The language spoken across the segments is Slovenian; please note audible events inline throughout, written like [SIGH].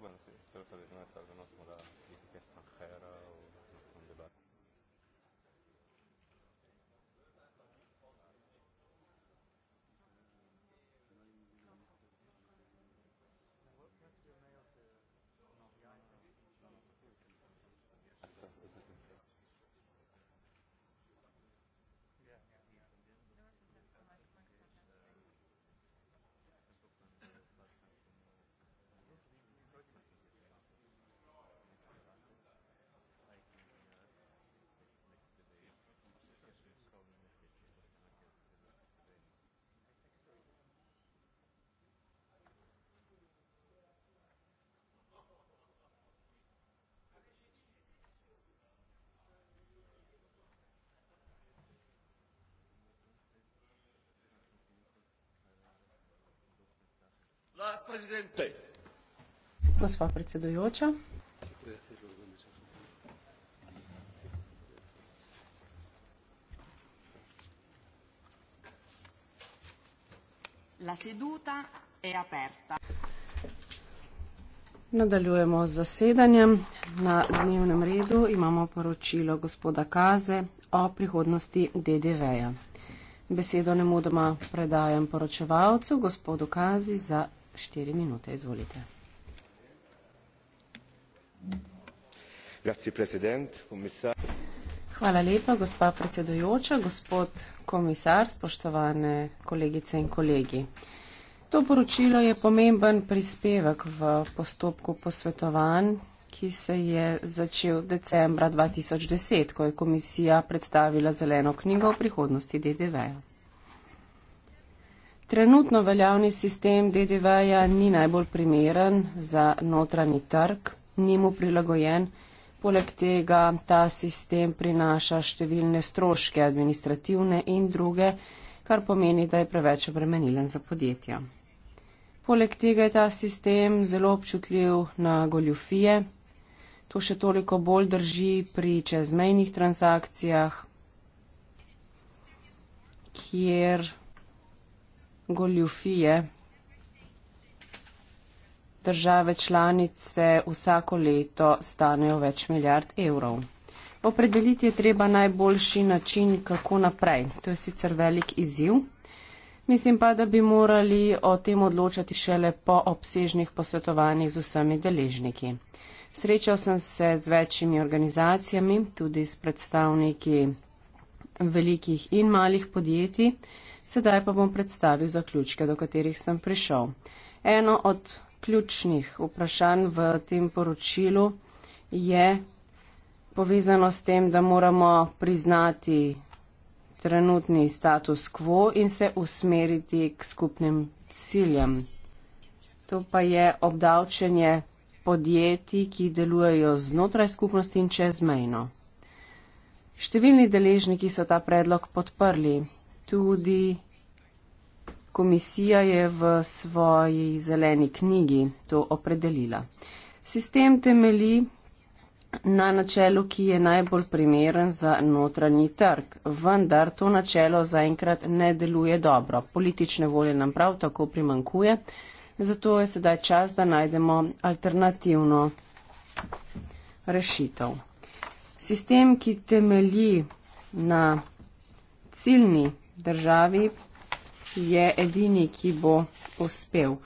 Bueno, sí, pero sabes, no es algo, no es como la digestión ligera o... Gospa predsedujoča. Gospa predsedujoča. La seduta è aperta. Nadaljujemo z zasedanjem. Na dnevnem redu imamo poročilo gospoda Kaze o prihodnosti DDV-ja. Besedo ne mudoma predajam poročevalcu, gospodu Kazi, za 4 minute. Izvolite. Hvala lepa, gospa predsedojoča, gospod komisar, spoštovane kolegice in kolegi. To poročilo je pomemben prispevek v postopku posvetovanj, ki se je začel decembra 2010, ko je komisija predstavila zeleno knjigo o prihodnosti DDV-ja trenutno veljavni sistem DDV-ja ni najbolj primeren za notranji trg, ni mu prilagojen. Poleg tega ta sistem prinaša številne stroške administrativne in druge, kar pomeni, da je preveč obremenilen za podjetja. Poleg tega je ta sistem zelo občutljiv na goljufije. To še toliko bolj drži pri čezmejnih transakcijah, kjer goljufije. Države članice vsako leto stanejo več milijard evrov. Opredeliti je treba najboljši način, kako naprej. To je sicer velik izziv. Mislim pa, da bi morali o tem odločati šele po obsežnih posvetovanjih z vsemi deležniki. Srečal sem se z večjimi organizacijami, tudi s predstavniki velikih in malih podjetij. Sedaj pa bom predstavil zaključke, do katerih sem prišel. Eno od ključnih vprašanj v tem poročilu je povezano s tem, da moramo priznati trenutni status quo in se usmeriti k skupnim ciljem. To pa je obdavčenje podjetij, ki delujejo znotraj skupnosti in čezmejno. Številni deležniki so ta predlog podprli. Tudi komisija je v svoji zeleni knjigi to opredelila. Sistem temeli na načelu, ki je najbolj primeren za notranji trg, vendar to načelo zaenkrat ne deluje dobro. Politične volje nam prav tako primankuje, zato je sedaj čas, da najdemo alternativno rešitev. Sistem, ki temeli na ciljni državi je edini, ki bo uspel.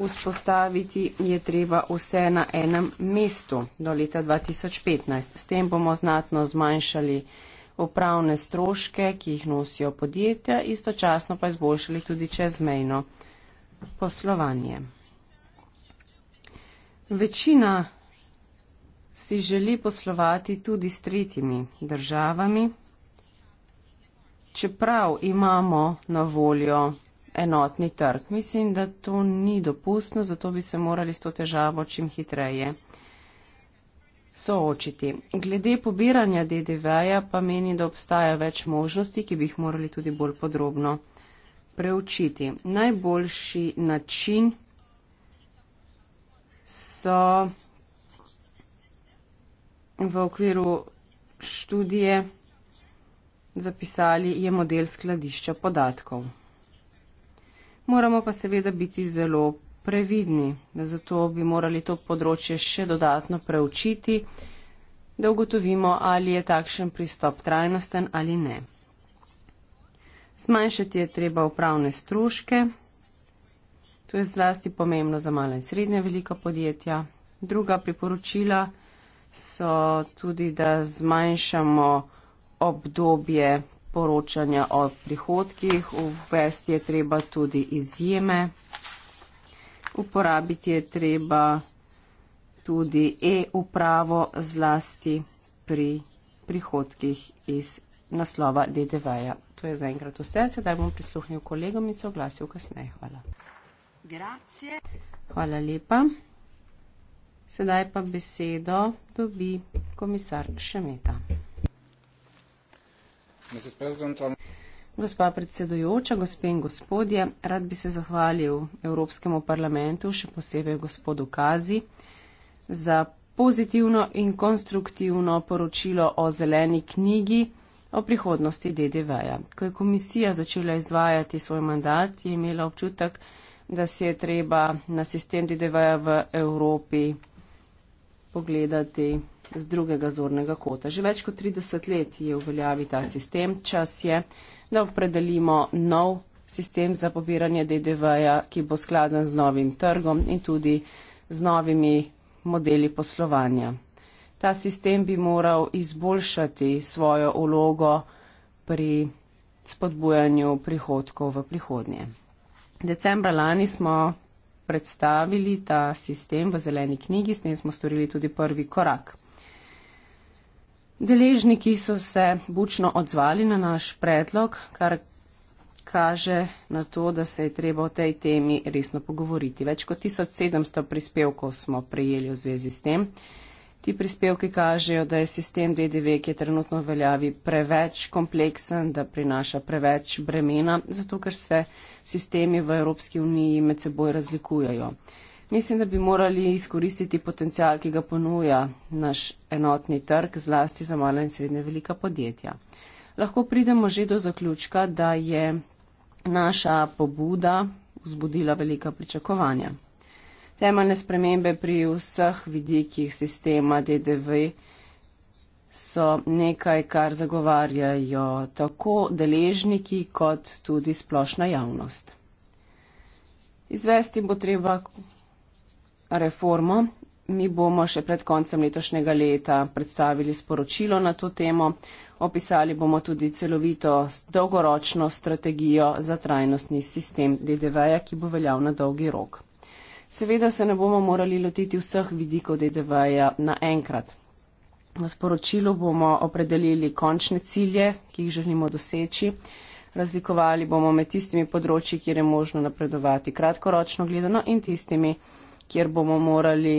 Vzpostaviti je treba vse na enem mestu do leta 2015. S tem bomo znatno zmanjšali upravne stroške, ki jih nosijo podjetja, istočasno pa izboljšali tudi čezmejno poslovanje. Večina si želi poslovati tudi s tretjimi državami, čeprav imamo na voljo enotni trg. Mislim, da to ni dopustno, zato bi se morali s to težavo čim hitreje soočiti. Glede pobiranja DDV-ja pa meni, da obstaja več možnosti, ki bi jih morali tudi bolj podrobno preučiti. Najboljši način so v okviru študije zapisali, je model skladišča podatkov. Moramo pa seveda biti zelo previdni, zato bi morali to področje še dodatno preučiti, da ugotovimo, ali je takšen pristop trajnosten ali ne. Zmanjšati je treba upravne stroške, to je zlasti pomembno za mala in srednja velika podjetja. Druga priporočila so tudi, da zmanjšamo obdobje poročanja o prihodkih, uvesti je treba tudi izjeme, uporabiti je treba tudi e-upravo zlasti pri prihodkih iz naslova DDV-ja. To je zaenkrat vse, sedaj bom prisluhnil kolegom in se oglasil kasneje. Hvala. Grazie. Hvala lepa. Sedaj pa besedo dobi komisar Šemeta. Gospa predsedujoča, gospe in gospodje, rad bi se zahvalil Evropskemu parlamentu, še posebej gospodu Kazi, za pozitivno in konstruktivno poročilo o zeleni knjigi o prihodnosti DDV-ja. Ko je komisija začela izvajati svoj mandat, je imela občutek, da se je treba na sistem DDV-ja v Evropi pogledati z drugega zornega kota. Že več kot 30 let je uveljavi ta sistem. Čas je, da opredelimo nov sistem za pobiranje DDV-ja, ki bo skladen z novim trgom in tudi z novimi modeli poslovanja. Ta sistem bi moral izboljšati svojo ulogo pri spodbujanju prihodkov v prihodnje. Decembra lani smo predstavili ta sistem v zeleni knjigi, s tem smo storili tudi prvi korak. Deležniki so se bučno odzvali na naš predlog, kar kaže na to, da se je treba o tej temi resno pogovoriti. Več kot 1700 prispevkov smo prejeli v zvezi s tem. Ti prispevki kažejo, da je sistem DDV, ki je trenutno v veljavi, preveč kompleksen, da prinaša preveč bremena, zato ker se sistemi v Evropski uniji med seboj razlikujejo. Mislim, da bi morali izkoristiti potencial, ki ga ponuja naš enotni trg, zlasti za mala in srednje velika podjetja. Lahko pridemo že do zaključka, da je naša pobuda vzbudila velika pričakovanja. Temeljne spremembe pri vseh vidikih sistema DDV so nekaj, kar zagovarjajo tako deležniki kot tudi splošna javnost. Izvesti bo treba reformo. Mi bomo še pred koncem letošnjega leta predstavili sporočilo na to temo. Opisali bomo tudi celovito dolgoročno strategijo za trajnostni sistem DDV-ja, ki bo veljal na dolgi rok. Seveda se ne bomo morali lotiti vseh vidikov DDV-ja naenkrat. V sporočilu bomo opredelili končne cilje, ki jih želimo doseči. Razlikovali bomo med tistimi področji, kjer je možno napredovati kratkoročno gledano in tistimi področji kjer bomo morali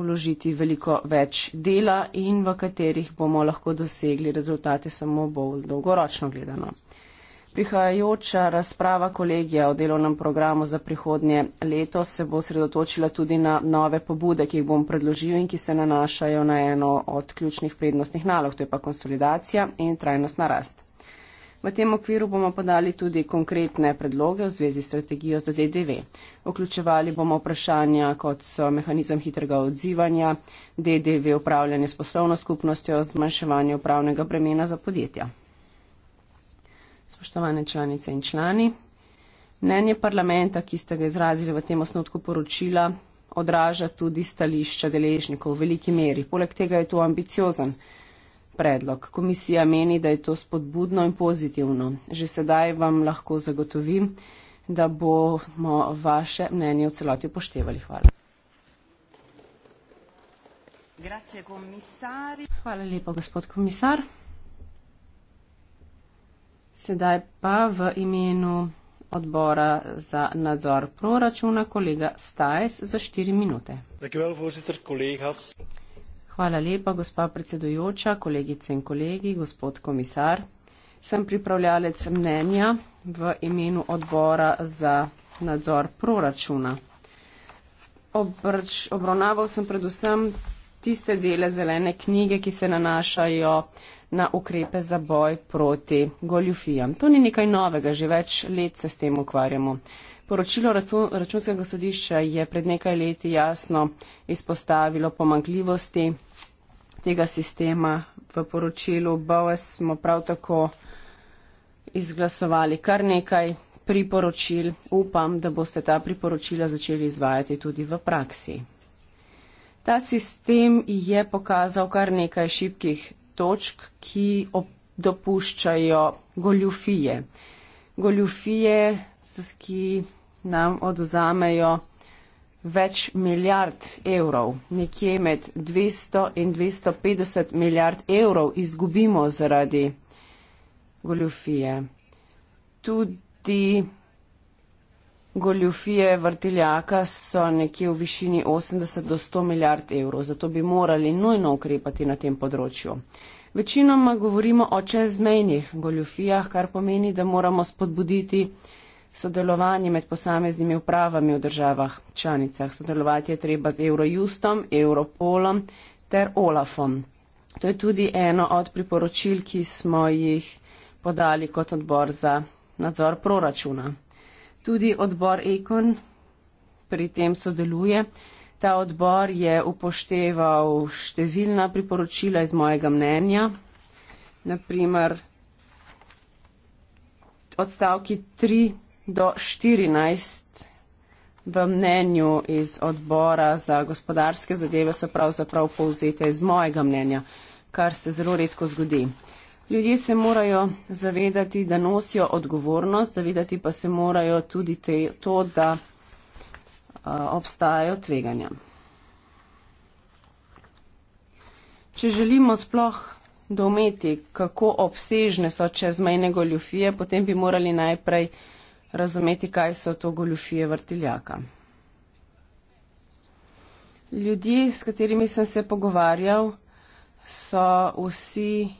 vložiti veliko več dela in v katerih bomo lahko dosegli rezultate samo bolj dolgoročno gledano. Prihajajoča razprava kolegija o delovnem programu za prihodnje leto se bo sredotočila tudi na nove pobude, ki jih bom predložil in ki se nanašajo na eno od ključnih prednostnih nalog, to je pa konsolidacija in trajnostna rast. V tem okviru bomo podali tudi konkretne predloge v zvezi s strategijo za DDV. Vključevali bomo vprašanja, kot so mehanizem hitrega odzivanja, DDV upravljanje s poslovno skupnostjo, zmanjševanje upravnega bremena za podjetja. Spoštovane članice in člani, mnenje parlamenta, ki ste ga izrazili v tem osnotku poročila, odraža tudi stališča deležnikov v veliki meri. Poleg tega je to ambiciozen predlog. Komisija meni, da je to spodbudno in pozitivno. Že sedaj vam lahko zagotovim, da bomo vaše mnenje v celoti upoštevali. Hvala. Hvala lepa, gospod komisar. Sedaj pa v imenu odbora za nadzor proračuna kolega Stajs za štiri minute. Well, Hvala lepa, gospa predsedujoča, kolegice in kolegi, gospod komisar. Sem pripravljalec mnenja v imenu odbora za nadzor proračuna. Obrč, obravnaval sem predvsem tiste dele zelene knjige, ki se nanašajo na ukrepe za boj proti goljufijam. To ni nekaj novega, že več let se s tem ukvarjamo. Poročilo računskega sodišča je pred nekaj leti jasno izpostavilo pomankljivosti tega sistema. V poročilu BOS smo prav tako izglasovali kar nekaj priporočil. Upam, da boste ta priporočila začeli izvajati tudi v praksi. Ta sistem je pokazal kar nekaj šibkih točk, ki dopuščajo goljufije goljufije, ki nam oduzamejo več milijard evrov, nekje med 200 in 250 milijard evrov izgubimo zaradi goljufije. Tudi goljufije vrteljaka so nekje v višini 80 do 100 milijard evrov, zato bi morali nujno ukrepati na tem področju. Večinoma govorimo o čezmejnih goljufijah, kar pomeni, da moramo spodbuditi sodelovanje med posameznimi upravami v državah članicah. Sodelovati je treba z Eurojustom, Europolom ter Olafom. To je tudi eno od priporočil, ki smo jih podali kot odbor za nadzor proračuna. Tudi odbor Ekon pri tem sodeluje. Ta odbor je upošteval številna priporočila iz mojega mnenja, naprimer odstavki 3 do 14 v mnenju iz odbora za gospodarske zadeve so pravzaprav povzete iz mojega mnenja, kar se zelo redko zgodi. Ljudje se morajo zavedati, da nosijo odgovornost, zavedati pa se morajo tudi te, to, da. Eh, obstajajo tveganja. Če želimo sploh dometi, kako obsežne so čezmejne goljufije, potem bi morali najprej razumeti, kaj so to goljufije vrtiljaka. Ljudje, s katerimi sem se pogovarjal, so vsi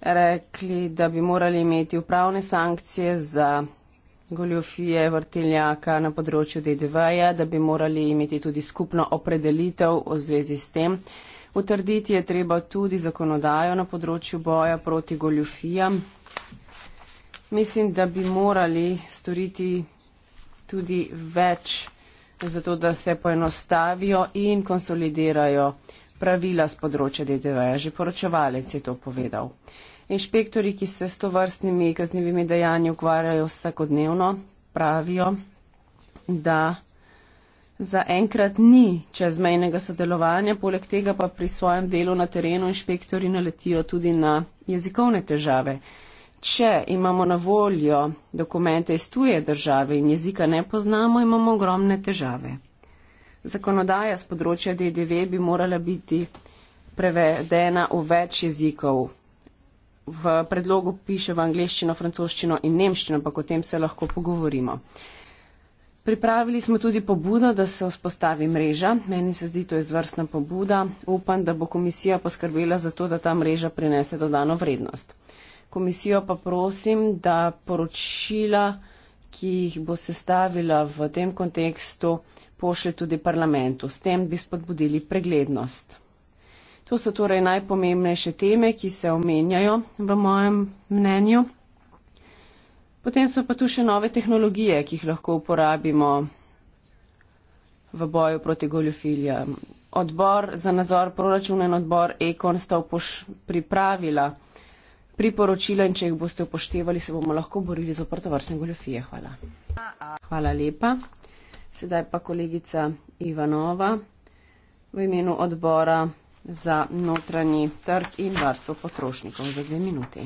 rekli, da bi morali imeti upravne sankcije za goljofije vrteljaka na področju DDV-ja, da bi morali imeti tudi skupno opredelitev v zvezi s tem. Utrditi je treba tudi zakonodajo na področju boja proti goljofijam. Mislim, da bi morali storiti tudi več, zato da se poenostavijo in konsolidirajo pravila z področja DDV-ja. Že poročevalec je to povedal. Inšpektori, ki se s to vrstnimi kaznjivimi dejanji ukvarjajo vsakodnevno, pravijo, da zaenkrat ni čezmejnega sodelovanja, poleg tega pa pri svojem delu na terenu inšpektori naletijo tudi na jezikovne težave. Če imamo na voljo dokumente iz tuje države in jezika ne poznamo, imamo ogromne težave. Zakonodaja z področja DDV bi morala biti prevedena v več jezikov, v predlogu piše v angliščino, francoščino in nemščino, pa o tem se lahko pogovorimo. Pripravili smo tudi pobudo, da se vzpostavi mreža. Meni se zdi, to je zvrstna pobuda. Upam, da bo komisija poskrbela za to, da ta mreža prinese dodano vrednost. Komisijo pa prosim, da poročila, ki jih bo sestavila v tem kontekstu, pošle tudi parlamentu. S tem bi spodbudili preglednost. To so torej najpomembnejše teme, ki se omenjajo v mojem mnenju. Potem so pa tu še nove tehnologije, ki jih lahko uporabimo v boju proti goljofilijam. Odbor za nadzor proračuna in odbor Ekon sta pripravila priporočila in če jih boste upoštevali, se bomo lahko borili z oprto vrstne goljofije. Hvala. Hvala lepa. Sedaj pa kolegica Ivanova v imenu odbora za notranji trg in varstvo potrošnikov za dve minuti.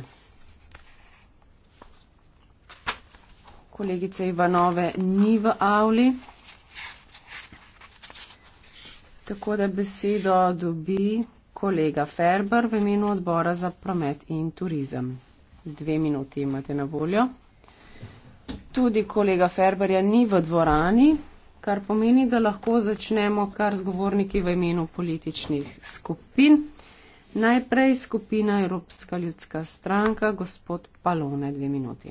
Kolegice Ivanove ni v avli, tako da besedo dobi kolega Ferber v imenu odbora za promet in turizem. Dve minuti imate na voljo. Tudi kolega Ferberja ni v dvorani kar pomeni, da lahko začnemo kar z govorniki v imenu političnih skupin. Najprej skupina Evropska ljudska stranka, gospod Palone, dve minuti.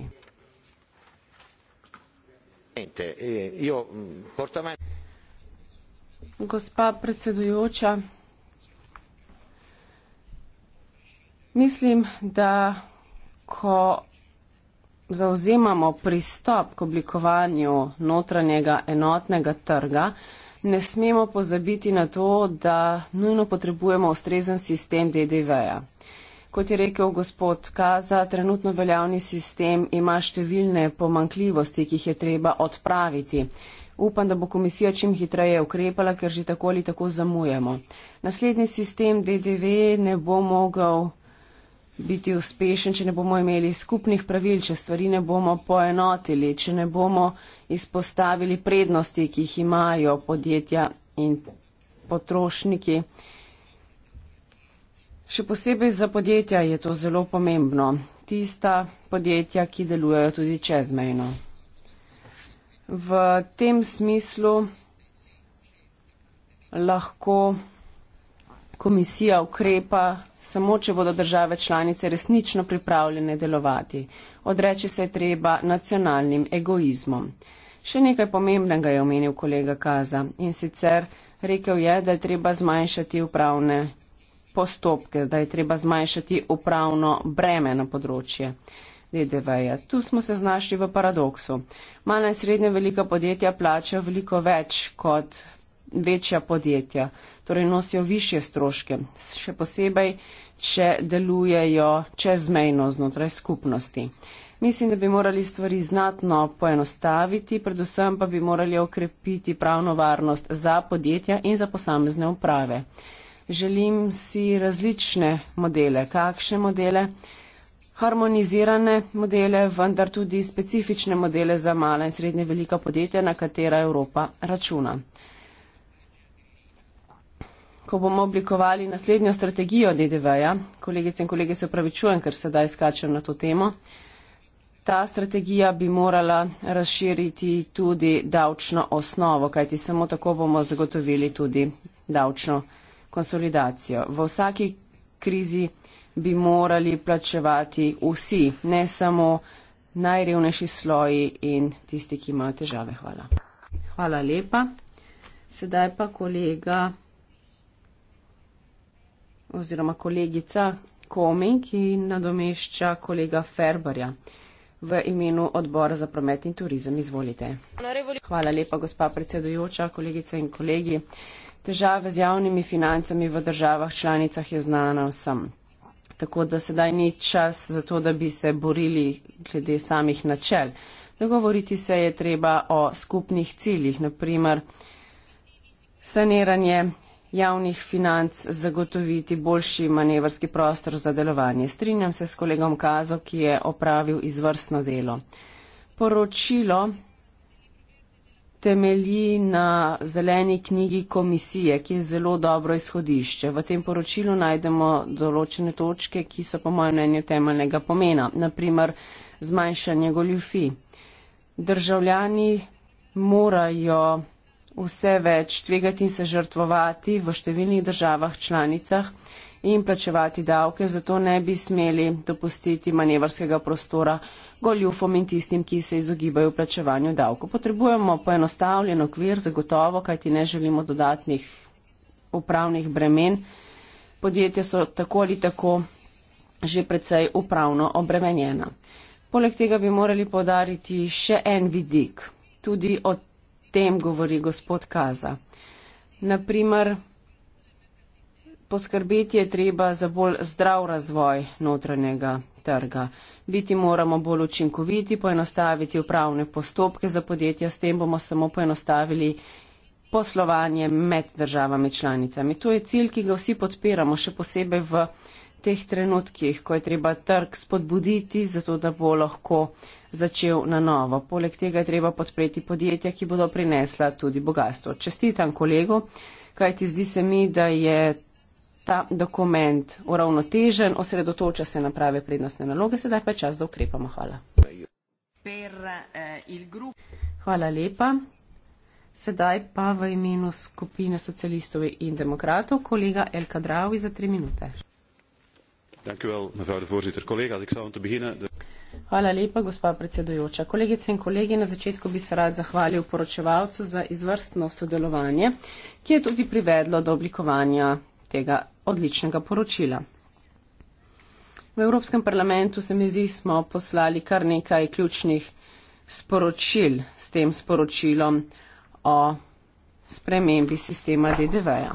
Eh, mm, Gospa predsedujoča, mislim, da ko zauzemamo pristop k oblikovanju notranjega enotnega trga, ne smemo pozabiti na to, da nujno potrebujemo ustrezen sistem DDV-ja. Kot je rekel gospod Kaza, trenutno veljavni sistem ima številne pomankljivosti, ki jih je treba odpraviti. Upam, da bo komisija čim hitreje ukrepala, ker že tako ali tako zamujemo. Naslednji sistem DDV ne bo mogel biti uspešen, če ne bomo imeli skupnih pravil, če stvari ne bomo poenotili, če ne bomo izpostavili prednosti, ki jih imajo podjetja in potrošniki. Še posebej za podjetja je to zelo pomembno. Tista podjetja, ki delujejo tudi čezmejno. V tem smislu lahko komisija ukrepa samo, če bodo države članice resnično pripravljene delovati. Odreči se je treba nacionalnim egoizmom. Še nekaj pomembnega je omenil kolega Kaza in sicer rekel je, da je treba zmanjšati upravne postopke, da je treba zmanjšati upravno breme na področje. DDV-ja. Tu smo se znašli v paradoksu. Mala in srednja velika podjetja plačajo veliko več kot večja podjetja, torej nosijo više stroške, še posebej, če delujejo čezmejno znotraj skupnosti. Mislim, da bi morali stvari znatno poenostaviti, predvsem pa bi morali okrepiti pravno varnost za podjetja in za posamezne uprave. Želim si različne modele, kakšne modele, harmonizirane modele, vendar tudi specifične modele za mala in srednje velika podjetja, na katera Evropa računa ko bomo oblikovali naslednjo strategijo DDV-ja, kolegice in kolege se upravičujem, ker sedaj skačem na to temo, ta strategija bi morala razširiti tudi davčno osnovo, kajti samo tako bomo zagotovili tudi davčno konsolidacijo. V vsaki krizi bi morali plačevati vsi, ne samo najrevnejši sloji in tisti, ki imajo težave. Hvala. Hvala lepa. Sedaj pa kolega oziroma kolegica Koming, ki nadomešča kolega Ferbarja v imenu odbora za promet in turizem. Izvolite. Hvala lepa, gospa predsedujoča, kolegice in kolegi. Težave z javnimi financami v državah članicah je znana vsem. Tako da sedaj ni čas za to, da bi se borili glede samih načel. Dogovoriti se je treba o skupnih ciljih, naprimer saniranje javnih financ zagotoviti boljši manevrski prostor za delovanje. Strinjam se s kolegom Kazo, ki je opravil izvrstno delo. Poročilo temelji na zeleni knjigi komisije, ki je zelo dobro izhodišče. V tem poročilu najdemo določene točke, ki so po mojem mnenju temeljnega pomena, naprimer zmanjšanje goljufi. Državljani morajo vse več tvegati in se žrtvovati v številnih državah članicah in plačevati davke, zato ne bi smeli dopustiti manevrskega prostora goljufom in tistim, ki se izogibajo plačevanju davko. Potrebujemo poenostavljen okvir, zagotovo, kajti ne želimo dodatnih upravnih bremen. Podjetja so tako ali tako že precej upravno obremenjena. Poleg tega bi morali podariti še en vidik. Tudi od tem govori gospod Kaza. Naprimer, poskrbeti je treba za bolj zdrav razvoj notranjega trga. Biti moramo bolj učinkoviti, poenostaviti upravne postopke za podjetja, s tem bomo samo poenostavili poslovanje med državami članicami. To je cilj, ki ga vsi podpiramo, še posebej v teh trenutkih, ko je treba trg spodbuditi, zato da bo lahko začel na novo. Poleg tega je treba podpreti podjetja, ki bodo prinesla tudi bogatstvo. Čestitam kolegu, kajti zdi se mi, da je ta dokument uravnotežen, osredotoča se na prave prednostne naloge, sedaj pa je čas, da ukrepamo. Hvala. Eh, Hvala lepa. Sedaj pa v imenu skupine socialistov in demokratov kolega Elka Dravi za tri minute. Dank u wel, mevrouw de voorzitter. Collega's, ik zou om te beginnen. De... Hvala lepa, gospa predsedujoča. Kolegice in kolegi, na začetku bi se rad zahvalil poročevalcu za izvrstno sodelovanje, ki je tudi privedlo do oblikovanja tega odličnega poročila. V Evropskem parlamentu se mi zdi, smo poslali kar nekaj ključnih sporočil s tem sporočilom o spremembi sistema DDV-ja.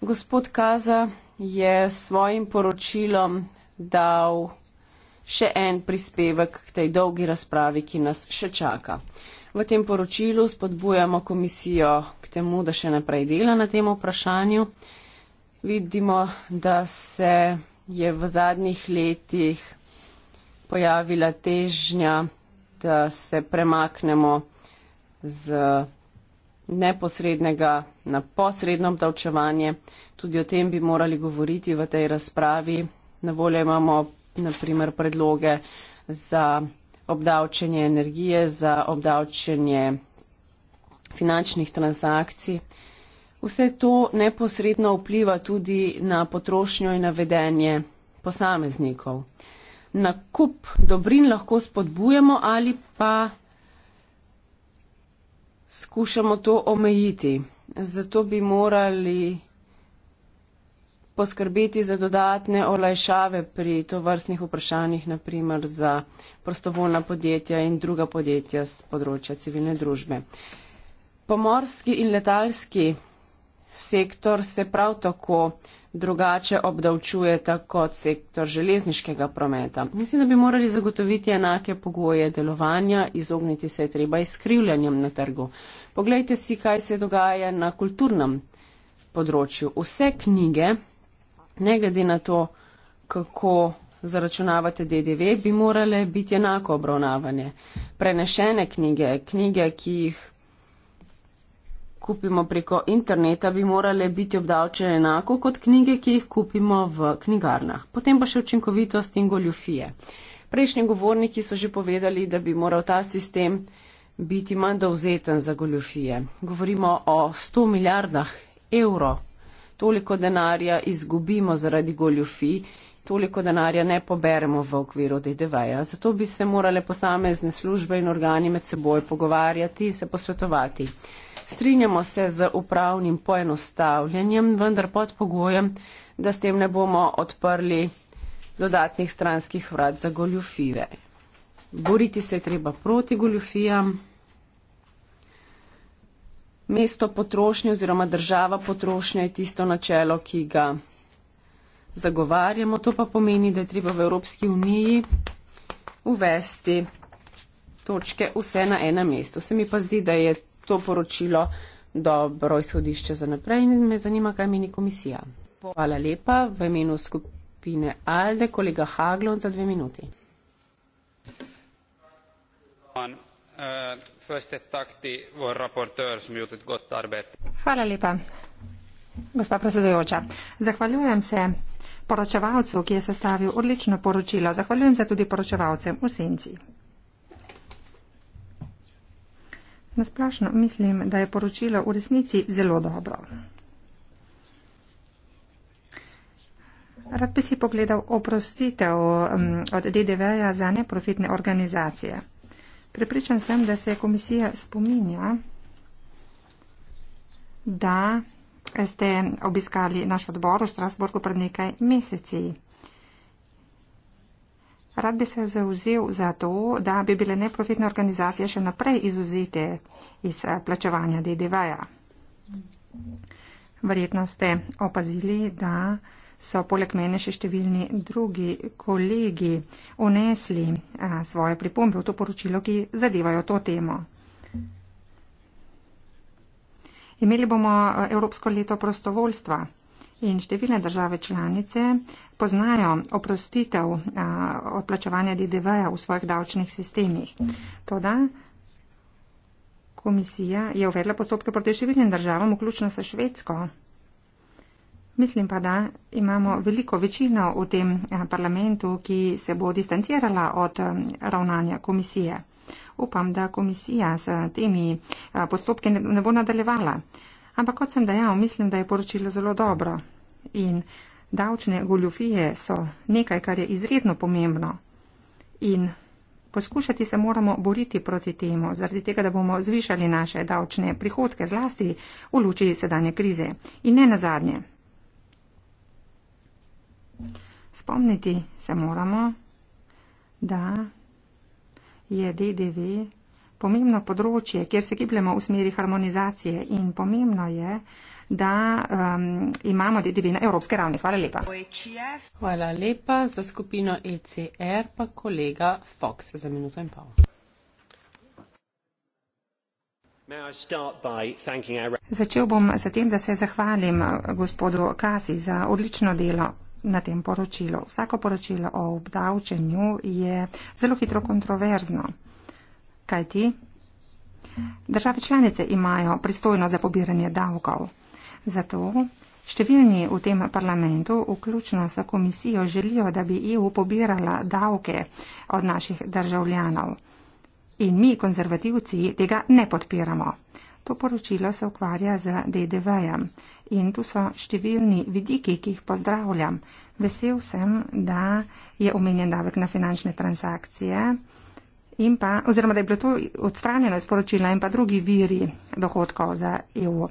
Gospod Kaza je svojim poročilom dal še en prispevek k tej dolgi razpravi, ki nas še čaka. V tem poročilu spodbujamo komisijo k temu, da še naprej dela na tem vprašanju. Vidimo, da se je v zadnjih letih pojavila težnja, da se premaknemo z neposrednega na posredno obdavčevanje. Tudi o tem bi morali govoriti v tej razpravi. Na voljo imamo naprimer predloge za obdavčenje energije, za obdavčenje finančnih transakcij. Vse to neposredno vpliva tudi na potrošnjo in navedenje posameznikov. Nakup dobrin lahko spodbujamo ali pa skušamo to omejiti. Zato bi morali poskrbeti za dodatne olajšave pri tovrstnih vprašanjih, naprimer za prostovoljna podjetja in druga podjetja z področja civilne družbe. Pomorski in letalski sektor se prav tako drugače obdavčuje kot sektor železniškega prometa. Mislim, da bi morali zagotoviti enake pogoje delovanja, izogniti se je treba izkrivljanjem na trgu. Poglejte si, kaj se dogaja na kulturnem področju. Vse knjige, ne glede na to, kako zaračunavate DDV, bi morale biti enako obravnavanje. Prenešene knjige, knjige, ki jih kupimo preko interneta, bi morale biti obdavčene enako kot knjige, ki jih kupimo v knjigarnah. Potem pa še učinkovitost in goljufije. Prejšnji govorniki so že povedali, da bi moral ta sistem biti manj dovzeten za goljufije. Govorimo o 100 milijardah evrov toliko denarja izgubimo zaradi goljufi, toliko denarja ne poberemo v okviru DDV-ja. Zato bi se morale posamezne službe in organi med seboj pogovarjati in se posvetovati. Strinjamo se z upravnim poenostavljanjem, vendar pod pogojem, da s tem ne bomo odprli dodatnih stranskih vrat za goljufive. Boriti se je treba proti goljufijam mesto potrošnje oziroma država potrošnje je tisto načelo, ki ga zagovarjamo. To pa pomeni, da je treba v Evropski uniji uvesti točke vse na enem mestu. Se mi pa zdi, da je to poročilo dobro izhodišče za naprej in me zanima, kaj meni komisija. Hvala lepa v imenu skupine Alde, kolega Haglund za dve minuti. Zahvaljujem se poročevalcu, ki je sestavil odlično poročilo. Zahvaljujem se tudi poročevalcem v senci. Nasplošno mislim, da je poročilo v resnici zelo dobro. Rad bi si pogledal oprostitev mm, od DDV-ja za neprofitne organizacije. Prepričan sem, da se komisija spominja, da ste obiskali naš odbor v Strasburgu pred nekaj meseci. Rad bi se zauzel za to, da bi bile neprofitne organizacije še naprej izuzete iz eh, plačevanja DDV-ja. Verjetno ste opazili, da so poleg mene še številni drugi kolegi unesli svoje pripombe v to poročilo, ki zadevajo to temo. Imeli bomo Evropsko leto prostovoljstva in številne države članice poznajo oprostitev odplačevanja DDV-ja v svojih davčnih sistemih. Toda komisija je uvedla postopke proti številnim državam, vključno s Švedsko Mislim pa, da imamo veliko večino v tem eh, parlamentu, ki se bo distancirala od eh, ravnanja komisije. Upam, da komisija s temi eh, postopki ne bo nadaljevala. Ampak kot sem dejal, mislim, da je poročilo zelo dobro. In davčne goljufije so nekaj, kar je izredno pomembno. In poskušati se moramo boriti proti temu, zaradi tega, da bomo zvišali naše davčne prihodke zlasti v luči sedanje krize. In ne nazadnje, Spomniti se moramo, da je DDV pomembno področje, kjer se gibljemo v smeri harmonizacije in pomembno je, da um, imamo DDV na evropske ravni. Hvala lepa. Hvala lepa za skupino ECR, pa kolega Fox za minuto in pol. Začel bom s tem, da se zahvalim uh, gospodu Kasi za odlično delo na tem poročilu. Vsako poročilo o obdavčenju je zelo hitro kontroverzno. Kaj ti? Države članice imajo pristojno za pobiranje davkov. Zato številni v tem parlamentu, vključno s komisijo, želijo, da bi EU pobirala davke od naših državljanov. In mi, konzervativci, tega ne podpiramo. To poročilo se ukvarja z DDV-jem in tu so številni vidiki, ki jih pozdravljam. Vesel sem, da je omenjen davek na finančne transakcije in pa, oziroma da je bilo to odstranjeno iz poročila in pa drugi viri dohodkov za EU.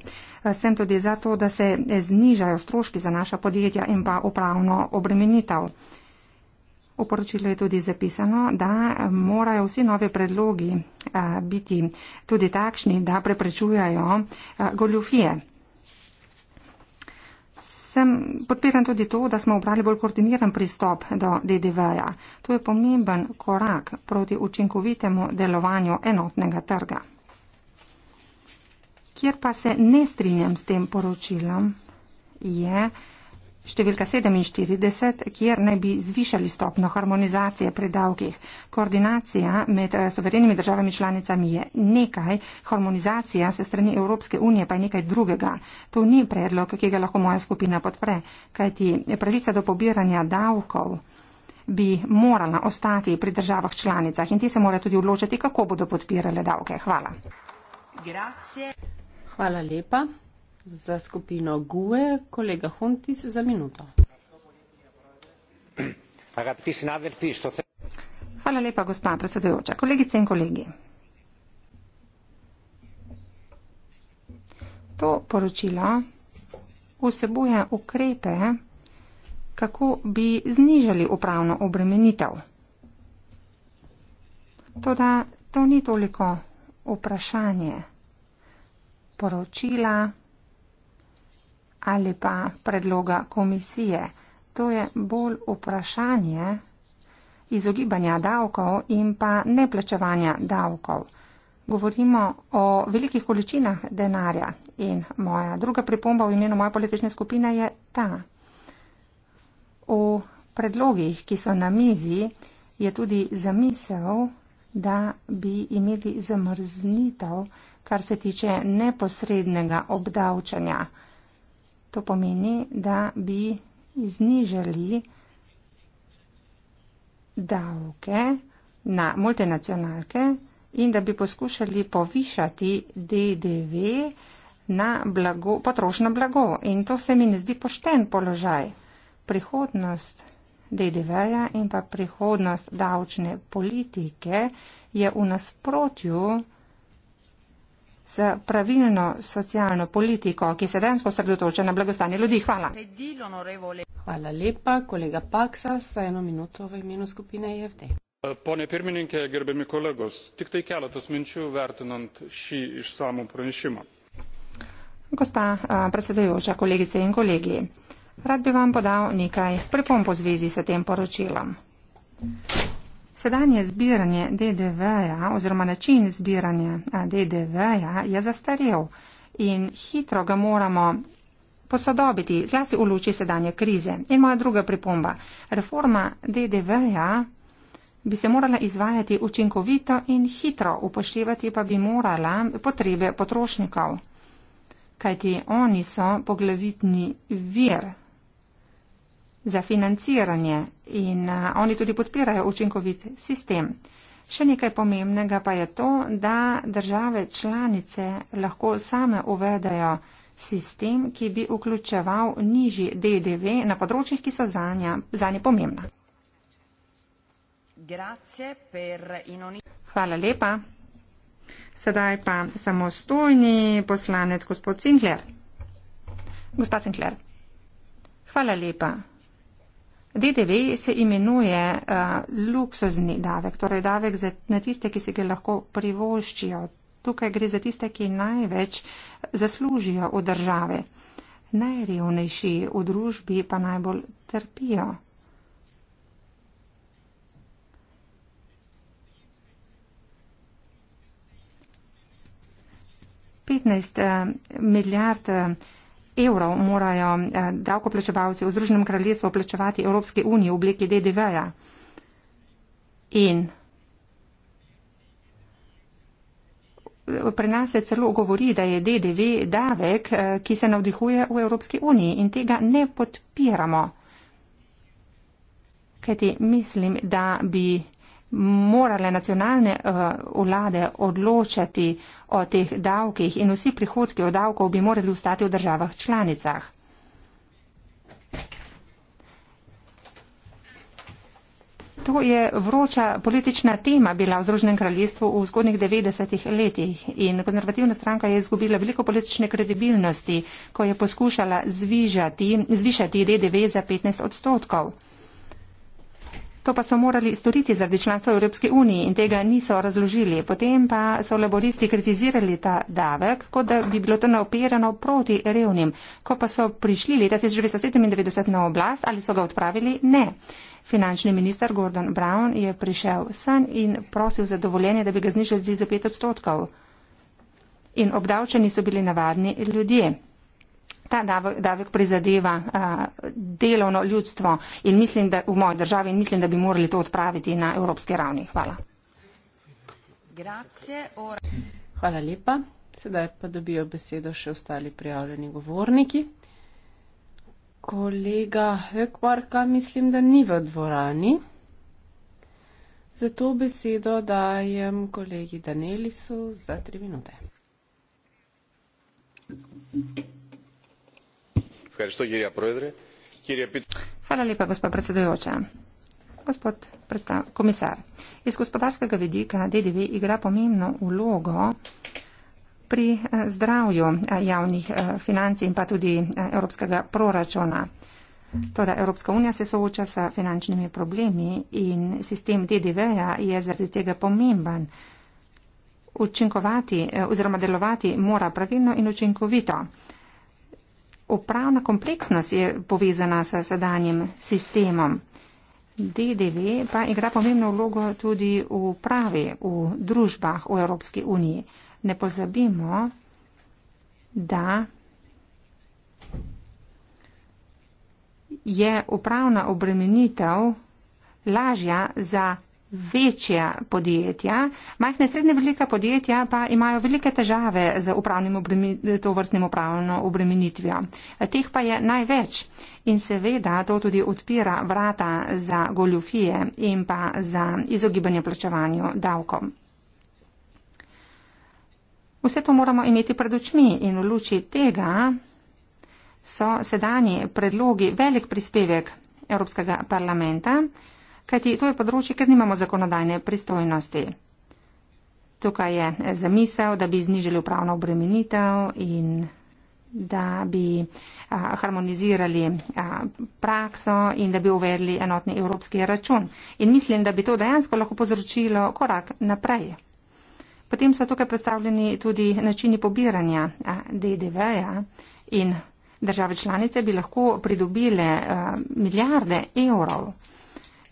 Sem tudi zato, da se znižajo stroški za naša podjetja in pa upravno obremenitev. V poročilu je tudi zapisano, da morajo vsi nove predlogi eh, biti tudi takšni, da preprečujajo eh, goljufije. Sem podpiran tudi to, da smo obrali bolj koordiniran pristop do DDV-ja. To je pomemben korak proti učinkovitemu delovanju enotnega trga. Kjer pa se ne strinjam s tem poročilom, je, Številka 47, kjer naj bi zvišali stopno harmonizacije pri davkih. Koordinacija med eh, soverenimi državami članicami je nekaj, harmonizacija se strani Evropske unije pa je nekaj drugega. To ni predlog, ki ga lahko moja skupina podpre, kajti pravica do pobiranja davkov bi morala ostati pri državah članicah in ti se morajo tudi odločiti, kako bodo podpirale davke. Hvala. Grazie. Hvala lepa. Za skupino GUE, kolega Huntis, za minuto. Hvala lepa, gospa predsedujoča. Kolegice in kolegi. To poročilo vsebuje ukrepe, kako bi znižali upravno obremenitev. Toda to ni toliko vprašanje poročila, ali pa predloga komisije. To je bolj vprašanje izogibanja davkov in pa neplačevanja davkov. Govorimo o velikih količinah denarja in moja druga pripomba v imenu moje politične skupine je ta. V predlogih, ki so na mizi, je tudi zamisel, da bi imeli zamrznitev, kar se tiče neposrednega obdavčanja. To pomeni, da bi znižali davke na multinacionalke in da bi poskušali povišati DDV na blago, potrošno blago. In to se mi ne zdi pošten položaj. Prihodnost DDV-ja in pa prihodnost davčne politike je v nasprotju s pravilno socialno politiko, ki se dansko sredotoča na blagostanje ljudi. Hvala. Hvala lepa, kolega Paksa, za eno minuto v imenu skupine EFD. Pone pirmininkė, gerbiami kolegos, tik tai keletas minčių vertinant šį išsamų pranešimą. Gospa predsedajoča, kolegice in kolegi, rad bi vam podal nekaj pripomp v zvezi s tem poročilom. Sedanje zbiranje DDV-ja oziroma način zbiranja DDV-ja je zastarel in hitro ga moramo posodobiti, zlasti v luči sedanje krize. In moja druga pripomba. Reforma DDV-ja bi se morala izvajati učinkovito in hitro, upoštevati pa bi morala potrebe potrošnikov, kajti oni so poglavitni vir za financiranje in eh, oni tudi podpirajo učinkovit sistem. Še nekaj pomembnega pa je to, da države članice lahko same uvedajo sistem, ki bi vključeval nižji DDV na področjih, ki so zanje, zanje pomembna. Hvala lepa. Sedaj pa samostojni poslanec gospod Sinkler. Gospa Sinkler. Hvala lepa. DDV se imenuje uh, luksuzni davek, torej davek za, na tiste, ki se ga lahko privoščijo. Tukaj gre za tiste, ki največ zaslužijo v države. Najrevnejši v družbi pa najbolj trpijo. Petnajst uh, milijard. Uh, evrov morajo eh, davkoplačevalci v Združenem kraljestvu plačevati Evropski uniji v obliki DDV-ja. In pri nas se celo govori, da je DDV davek, eh, ki se navdihuje v Evropski uniji in tega ne podpiramo. Kajti mislim, da bi morale nacionalne eh, vlade odločati o teh davkih in vsi prihodki od davkov bi morali ostati v državah članicah. To je vroča politična tema bila v Združenem kraljestvu v zgodnjih 90-ih letih in konzervativna stranka je izgubila veliko politične kredibilnosti, ko je poskušala zvišati DDV za 15 odstotkov. To pa so morali storiti zaradi članstva v Evropski uniji in tega niso razložili. Potem pa so laboristi kritizirali ta davek, kot da bi bilo to naopirano proti revnim. Ko pa so prišli leta 1997 na oblast, ali so ga odpravili? Ne. Finančni minister Gordon Brown je prišel sen in prosil za dovoljenje, da bi ga znižali za pet odstotkov. In obdavčeni so bili navadni ljudje ta davek, davek prizadeva a, delovno ljudstvo in mislim, da v moji državi in mislim, da bi morali to odpraviti na evropski ravni. Hvala. Hvala lepa. Sedaj pa dobijo besedo še ostali prijavljeni govorniki. Kolega Hökmarka mislim, da ni v dvorani. Zato besedo dajem kolegi Danelisu za tri minute. Thank you. Iz gospodarskega vidika DDV igra pomembno vlogo pri eh, zdravju eh, javnih eh, financ in pa tudi evropskega proračuna. Toda Evropska unija se sooča s finančnimi problemi in sistem DDV-ja je zaradi tega pomemben. Učinkovati oziroma delovati mora pravilno in učinkovito upravna kompleksnost je povezana s sedanjim sistemom. DDV pa igra pomembno vlogo tudi v pravi, v družbah v Evropski uniji. Ne pozabimo, da je upravna obremenitev lažja za večja podjetja, majhne in srednje velika podjetja pa imajo velike težave z to vrstnim upravno obremenitvijo. Teh pa je največ in seveda to tudi odpira vrata za goljufije in pa za izogibanje plačevanju davkom. Vse to moramo imeti pred očmi in v luči tega so sedanji predlogi velik prispevek Evropskega parlamenta kajti to je področje, ker nimamo zakonodajne pristojnosti. Tukaj je eh, zamisel, da bi znižili upravno obremenitev in da bi a, eh, harmonizirali a, eh, prakso in da bi uvedli enotni evropski račun. In mislim, da bi to dejansko lahko povzročilo korak naprej. Potem so tukaj predstavljeni tudi načini pobiranja DDV-ja in države članice bi lahko pridobile a, milijarde evrov.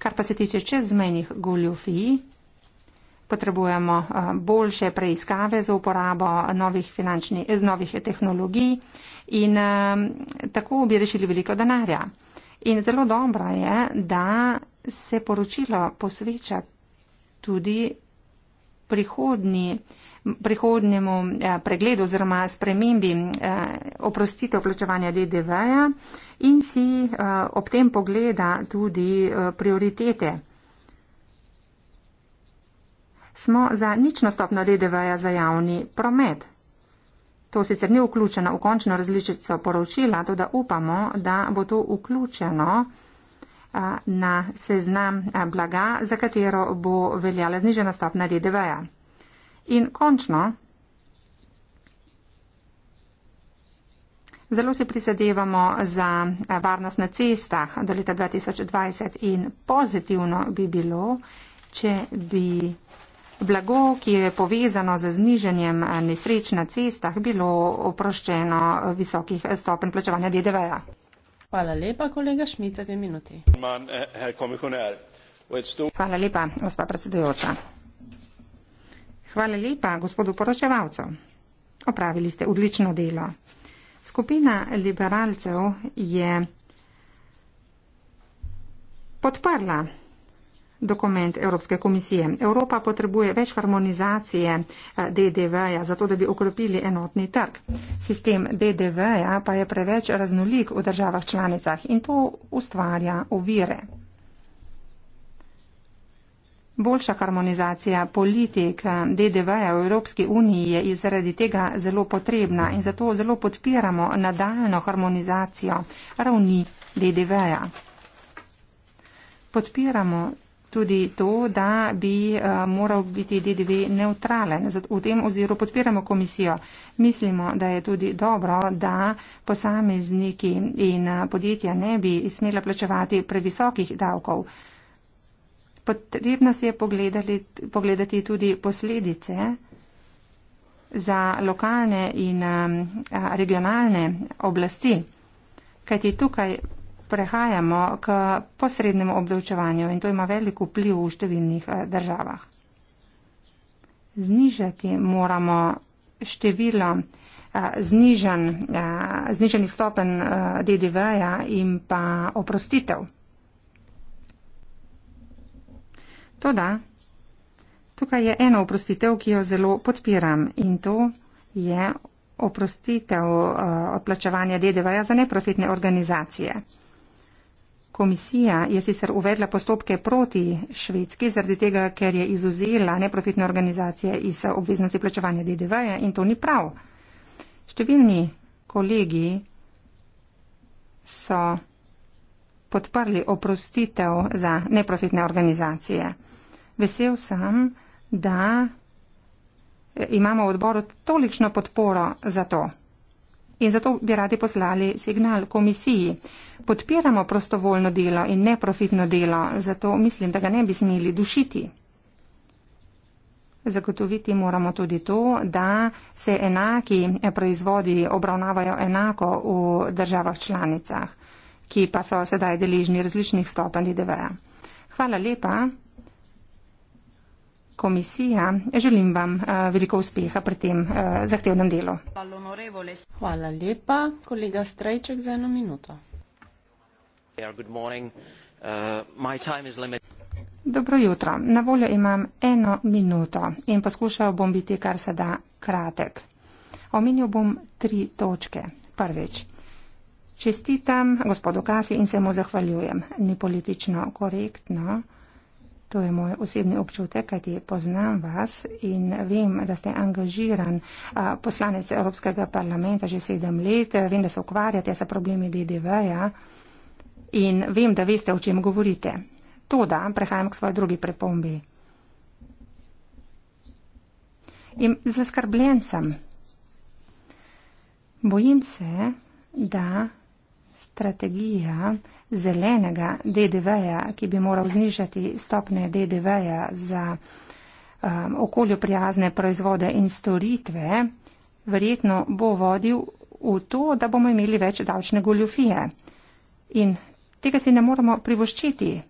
Kar pa se tiče čezmejnih goljofij, potrebujemo eh, boljše preiskave za uporabo novih, finančni, eh, novih tehnologij in eh, tako bi rešili veliko denarja. In zelo dobro je, da se poročilo posveča tudi prihodnji eh, prihodnjemu eh, pregledu oziroma spremembi eh, oprostitev plačevanja DDV-ja in si eh, ob tem pogleda tudi prioritete. Smo za nično stopno DDV-ja za javni promet. To sicer ni vključeno v končno različico poročila, to da upamo, da bo to vključeno na seznam blaga, za katero bo veljala znižena stopna DDV-ja. In končno, zelo si prizadevamo za eh, varnost na cestah do leta 2020 in pozitivno bi bilo, če bi blago, ki je povezano z zniženjem eh, nesreč na cestah, bilo oproščeno visokih stopen plačevanja DDV-ja. Hvala lepa, kolega Šmica, dve minuti. Eh, Hvala lepa, gospa predsedujoča. Hvala lepa gospodu poročevalcu. Opravili ste odlično delo. Skupina liberalcev je podprla dokument Evropske komisije. Evropa potrebuje več harmonizacije eh, DDV-ja, zato da bi okropili enotni trg. Sistem DDV-ja pa je preveč raznolik v državah članicah in to ustvarja ovire. Boljša harmonizacija politik eh, DDV v Evropski uniji je zaradi tega zelo potrebna in zato zelo podpiramo nadaljno harmonizacijo ravni DDV-ja. Podpiramo tudi to, da bi eh, moral biti DDV neutralen. V tem oziru podpiramo komisijo. Mislimo, da je tudi dobro, da posamezniki in eh, podjetja ne bi smela plačevati previsokih davkov. Potrebno se je pogledati tudi posledice za lokalne in um, regionalne oblasti, kajti tukaj prehajamo k posrednemu obdavčevanju in to ima velik vpliv v številnih državah. Znižati moramo število znižan, znižanih stopen DDV-ja in pa oprostitev. To da, tukaj je ena oprostitev, ki jo zelo podpiram in to je oprostitev eh, odplačevanja DDV-ja za neprofitne organizacije. Komisija je sicer uvedla postopke proti Švedski zaradi tega, ker je izuzela neprofitne organizacije iz obveznosti plačevanja DDV-ja in to ni prav. Številni kolegi so podprli oprostitev za neprofitne organizacije. Vesel sem, da eh, imamo v odboru tolično podporo za to. In zato bi radi poslali signal komisiji. Podpiramo prostovoljno delo in neprofitno delo, zato mislim, da ga ne bi smeli dušiti. Zagotoviti moramo tudi to, da se enaki eh, proizvodi obravnavajo enako v državah članicah, ki pa so sedaj deležni različnih stopenj IDV-ja. Hvala lepa komisija. Želim vam eh, veliko uspeha pri tem eh, zahtevnem delu. Hvala lepa. Kolega Strajček za eno minuto. Dobro jutro. Na voljo imam eno minuto in poskušal bom biti kar se da kratek. Omenil bom tri točke. Prvič. Čestitam gospodu Kasi in se mu zahvaljujem. Ni politično korektno. To je moj osebni občutek, kajti poznam vas in vem, da ste angažiran poslanec Evropskega parlamenta že sedem let, vem, da se ukvarjate sa problemi DDV-ja in vem, da veste, o čem govorite. Toda, prehajam k svoji drugi prepombi. In zaskrbljen sem. Bojim se, da strategija zelenega DDV-ja, ki bi moral znižati stopne DDV-ja za um, okolju prijazne proizvode in storitve, verjetno bo vodil v to, da bomo imeli več davčne goljufije. In tega si ne moramo privoščiti.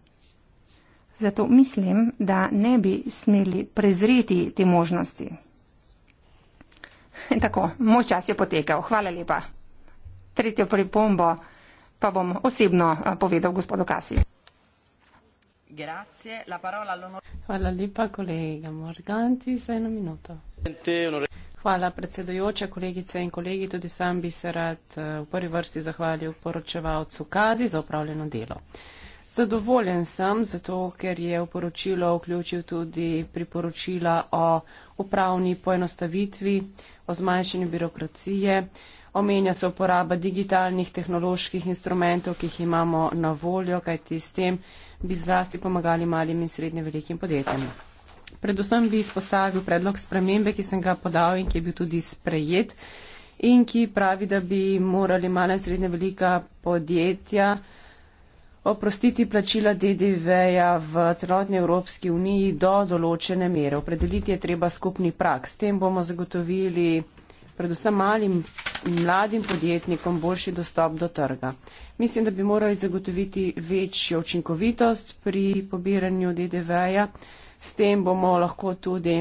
Zato mislim, da ne bi smeli prezreti te možnosti. [LAUGHS] Tako, moj čas je potekal. Hvala lepa. Tretjo pripombo pa bom osebno povedal gospodu Kasi. Hvala lepa, kolega Morganti, za eno minuto. Hvala predsedojoče, kolegice in kolegi. Tudi sam bi se rad e, v prvi vrsti zahvalil poročevalcu Kazi za upravljeno delo. Zadovoljen sem, zato ker je v poročilo vključil tudi priporočila o upravni poenostavitvi, o zmanjšanju birokracije omenja se uporaba digitalnih tehnoloških instrumentov, ki jih imamo na voljo, kajti s tem bi zlasti pomagali malim in srednje velikim podjetjem. Predvsem bi izpostavil predlog spremembe, ki sem ga podal in ki je bil tudi sprejet in ki pravi, da bi morali mala in srednje velika podjetja oprostiti plačila DDV-ja v celotni Evropski uniji do določene mere. Opredeliti je treba skupni prak. S tem bomo zagotovili predvsem malim in mladim podjetnikom boljši dostop do trga. Mislim, da bi morali zagotoviti večjo učinkovitost pri pobiranju DDV-ja. S tem bomo lahko tudi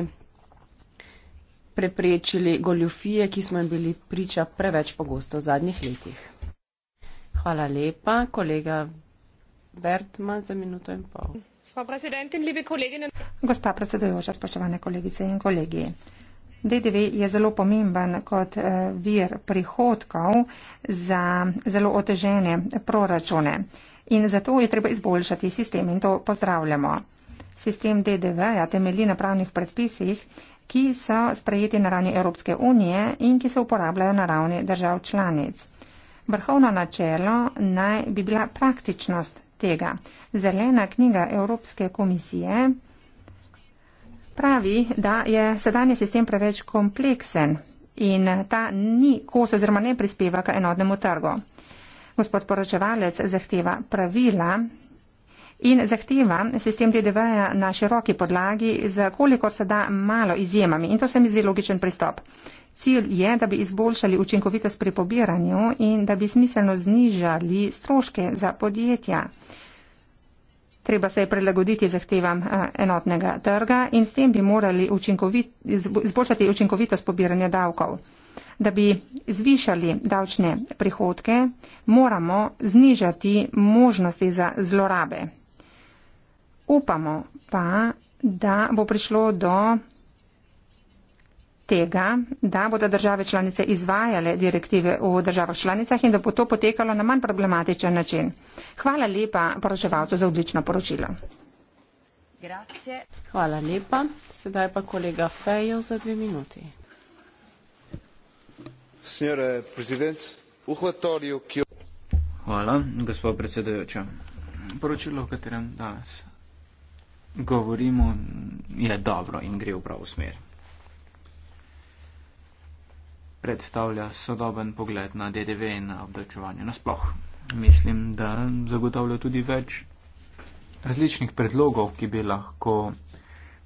preprečili goljufije, ki smo jim bili priča preveč pogosto v zadnjih letih. Hvala lepa, kolega Bertman, za minuto in pol. Gospa predsedujoča, spoštovane kolegice in kolegi. DDV je zelo pomemben kot eh, vir prihodkov za zelo otežene proračune in zato je treba izboljšati sistem in to pozdravljamo. Sistem DDV je temelji na pravnih predpisih, ki so sprejeti na ravni Evropske unije in ki se uporabljajo na ravni držav članic. Vrhovno načelo naj bi bila praktičnost tega. Zelena knjiga Evropske komisije pravi, da je sedanje sistem preveč kompleksen in ta ni kos oziroma ne prispeva k enotnemu trgu. Gospod poročevalec zahteva pravila in zahteva sistem DDV-ja na široki podlagi z kolikor se da malo izjemami in to se mi zdi logičen pristop. Cilj je, da bi izboljšali učinkovitost pri pobiranju in da bi smiselno znižali stroške za podjetja. Treba se je prilagoditi zahtevam eh, enotnega trga in s tem bi morali učinkovit, izboljšati učinkovitost pobiranja davkov. Da bi zvišali davčne prihodke, moramo znižati možnosti za zlorabe. Upamo pa, da bo prišlo do tega, da bodo države članice izvajale direktive v državah članicah in da bo to potekalo na manj problematičen način. Hvala lepa poročevalcu za odlično poročilo. Grazie. Hvala lepa. Sedaj pa kolega Fejo za dve minuti. Hvala, gospod predsedujoča. Poročilo, o katerem danes govorimo, je dobro in gre v pravo smer predstavlja sodoben pogled na DDV in na obdavčevanje nasploh. Mislim, da zagotavlja tudi več različnih predlogov, ki bi lahko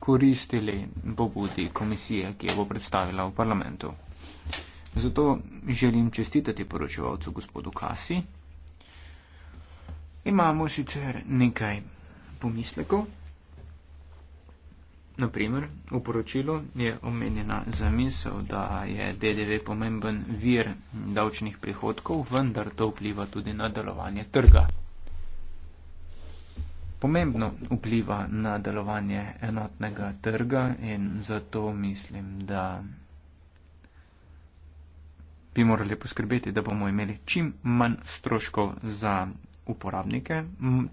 koristili pobudi komisije, ki jo bo predstavila v parlamentu. Zato želim čestitati poročevalcu gospodu Kasi. Imamo sicer nekaj pomislekov. Naprimer, v poročilu je omenjena zamisel, da je DDV pomemben vir davčnih prihodkov, vendar to vpliva tudi na delovanje trga. Pomembno vpliva na delovanje enotnega trga in zato mislim, da bi morali poskrbeti, da bomo imeli čim manj stroškov za uporabnike,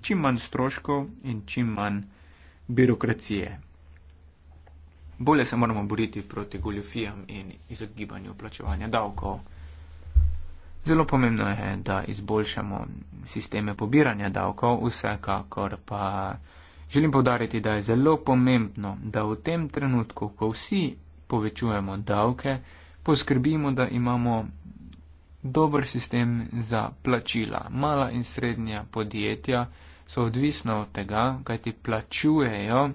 čim manj stroškov in čim manj birokracije bolje se moramo boriti proti goljofijam in izogibanju plačevanja davkov. Zelo pomembno je, da izboljšamo sisteme pobiranja davkov, vsekakor pa želim povdariti, da je zelo pomembno, da v tem trenutku, ko vsi povečujemo davke, poskrbimo, da imamo dober sistem za plačila. Mala in srednja podjetja so odvisna od tega, kaj ti plačujejo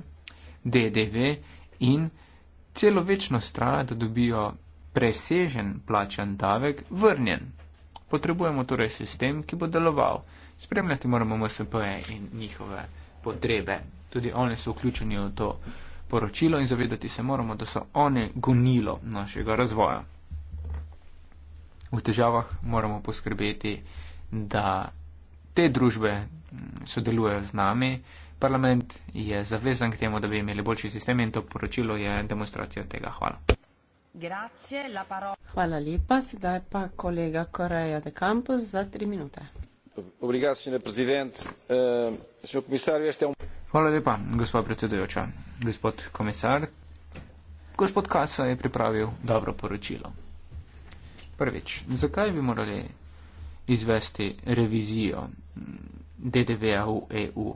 DDV in celo večno straja, da dobijo presežen plačan davek vrnjen. Potrebujemo torej sistem, ki bo deloval. Spremljati moramo MSP-je in njihove potrebe. Tudi oni so vključeni v to poročilo in zavedati se moramo, da so oni gonilo našega razvoja. V težavah moramo poskrbeti, da te družbe sodelujejo z nami, parlament je zavezan k temu, da bi imeli boljši sistem in to poročilo je demonstracija tega. Hvala. Grazie, Hvala lepa. Sedaj pa kolega Koreja de Campos za tri minute. Eh, um- Hvala lepa, gospod predsedujoča. Gospod komisar, gospod Kasa je pripravil dobro poročilo. Prvič, zakaj bi morali izvesti revizijo DDV-a v EU?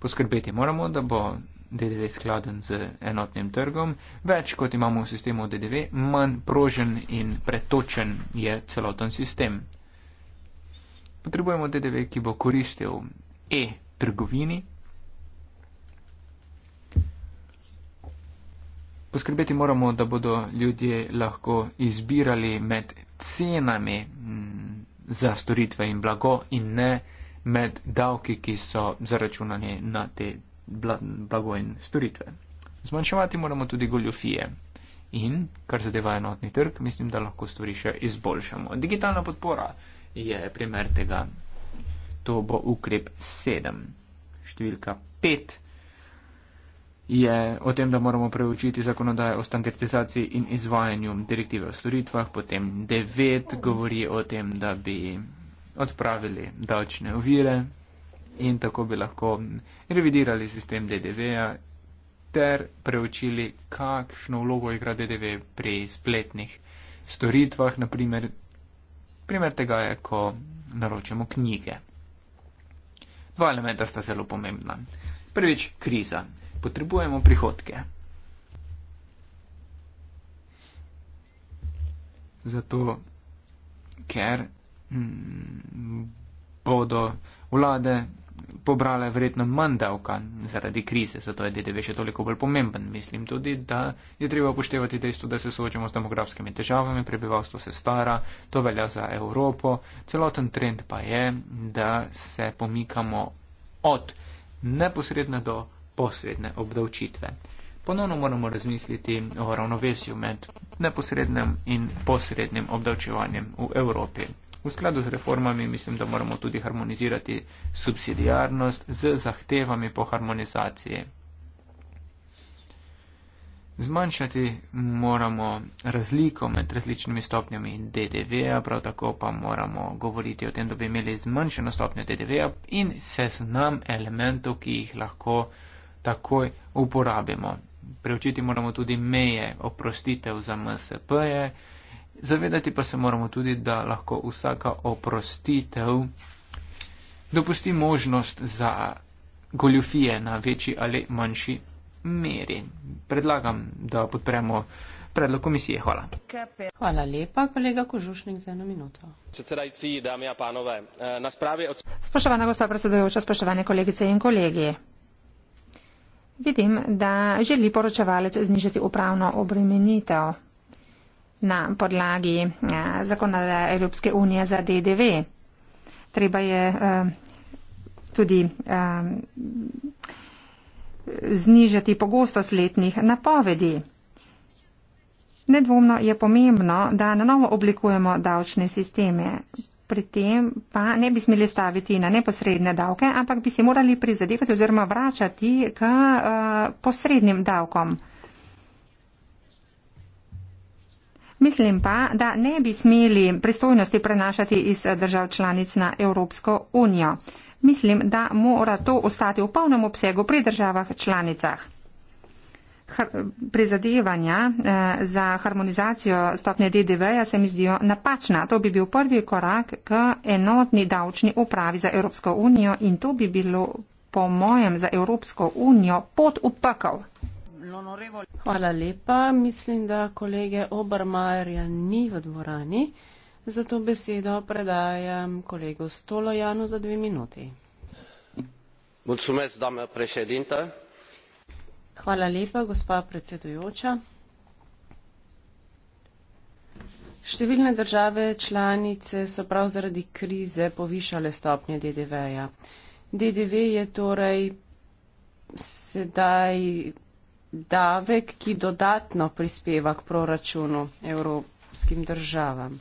Poskrbeti moramo, da bo DDV skladen z enotnim trgom. Več kot imamo v sistemu DDV, manj prožen in pretočen je celoten sistem. Potrebujemo DDV, ki bo koristil e-trgovini. Poskrbeti moramo, da bodo ljudje lahko izbirali med cenami mm, za storitve in blago in ne med davki, ki so zaračunani na te blago in storitve. Zmanjševati moramo tudi goljofije. In, kar zadeva enotni trg, mislim, da lahko stvari še izboljšamo. Digitalna podpora je primer tega. To bo ukrep 7. Številka 5 je o tem, da moramo preučiti zakonodajo o standardizaciji in izvajanju direktive o storitvah. Potem 9 govori o tem, da bi odpravili davčne ovire in tako bi lahko revidirali sistem DDV-ja ter preučili, kakšno vlogo igra DDV pri spletnih storitvah, naprimer, primer tega je, ko naročamo knjige. Dva elementa sta zelo pomembna. Prvič, kriza. Potrebujemo prihodke. Zato, ker Mm, bodo vlade pobrale verjetno manj davka zaradi krize, zato je DDV še toliko bolj pomemben. Mislim tudi, da je treba upoštevati dejstvo, da se soočamo s demografskimi težavami, prebivalstvo se stara, to velja za Evropo. Celoten trend pa je, da se pomikamo od neposredne do posredne obdavčitve. Ponovno moramo razmisliti o ravnovesju med neposrednim in posrednim obdavčevanjem v Evropi. V skladu z reformami mislim, da moramo tudi harmonizirati subsidijarnost z zahtevami po harmonizaciji. Zmanjšati moramo razliko med različnimi stopnjami DDV-a, prav tako pa moramo govoriti o tem, da bi imeli zmanjšeno stopnjo DDV-a in seznam elementov, ki jih lahko takoj uporabimo. Preučiti moramo tudi meje oprostitev za MSP-je, Zavedati pa se moramo tudi, da lahko vsaka oprostitev dopusti možnost za goljufije na večji ali manjši meri. Predlagam, da podpremo predlog komisije. Hvala. Hvala lepa, kolega Kožušnik, za eno minuto. Predsedajci, dame in panove, eh, na spravi od. Spoštovana gospa predsedujoča, spoštovane kolegice in kolegi. Vidim, da želi poročevalec znižati upravno obremenitev na podlagi eh, zakonodaje Evropske unije za DDV. Treba je eh, tudi eh, znižati pogostost letnih napovedi. Nedvomno je pomembno, da na novo oblikujemo davčne sisteme. Pri tem pa ne bi smeli staviti na neposredne davke, ampak bi si morali prizadevati oziroma vračati k uh, posrednim davkom. Mislim pa, da ne bi smeli pristojnosti prenašati iz eh, držav članic na Evropsko unijo. Mislim, da mora to ostati v polnem obsegu pri državah članicah. Har prizadevanja eh, za harmonizacijo stopnje DDV-ja se mi zdijo napačna. To bi bil prvi korak k enotni davčni upravi za Evropsko unijo in to bi bilo, po mojem, za Evropsko unijo pot upakov. Hvala lepa. Mislim, da kolege Obermajerja ni v dvorani, zato besedo predajam kolegu Stolojanu za dve minuti. Mulțumesc, doamnă președintă. Hvala lepa, gospa predsedujoča. Številne države članice so prav zaradi krize povišale stopnje DDV-ja. DDV je torej sedaj davek, ki dodatno prispeva k proračunu evropskim državam.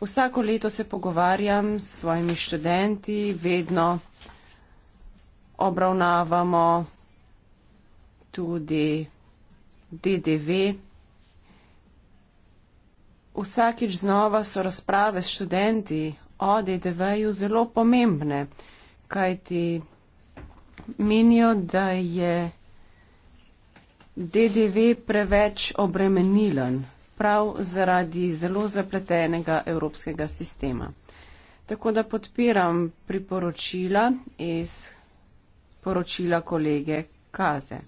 Vsako leto se pogovarjam s svojimi študenti, vedno obravnavamo tudi DDV. Vsakič znova so razprave s študenti o DDV-ju zelo pomembne, kajti menijo, da je DDV preveč obremenilen prav zaradi zelo zapletenega evropskega sistema. Tako da podpiram priporočila iz poročila kolege Kaze.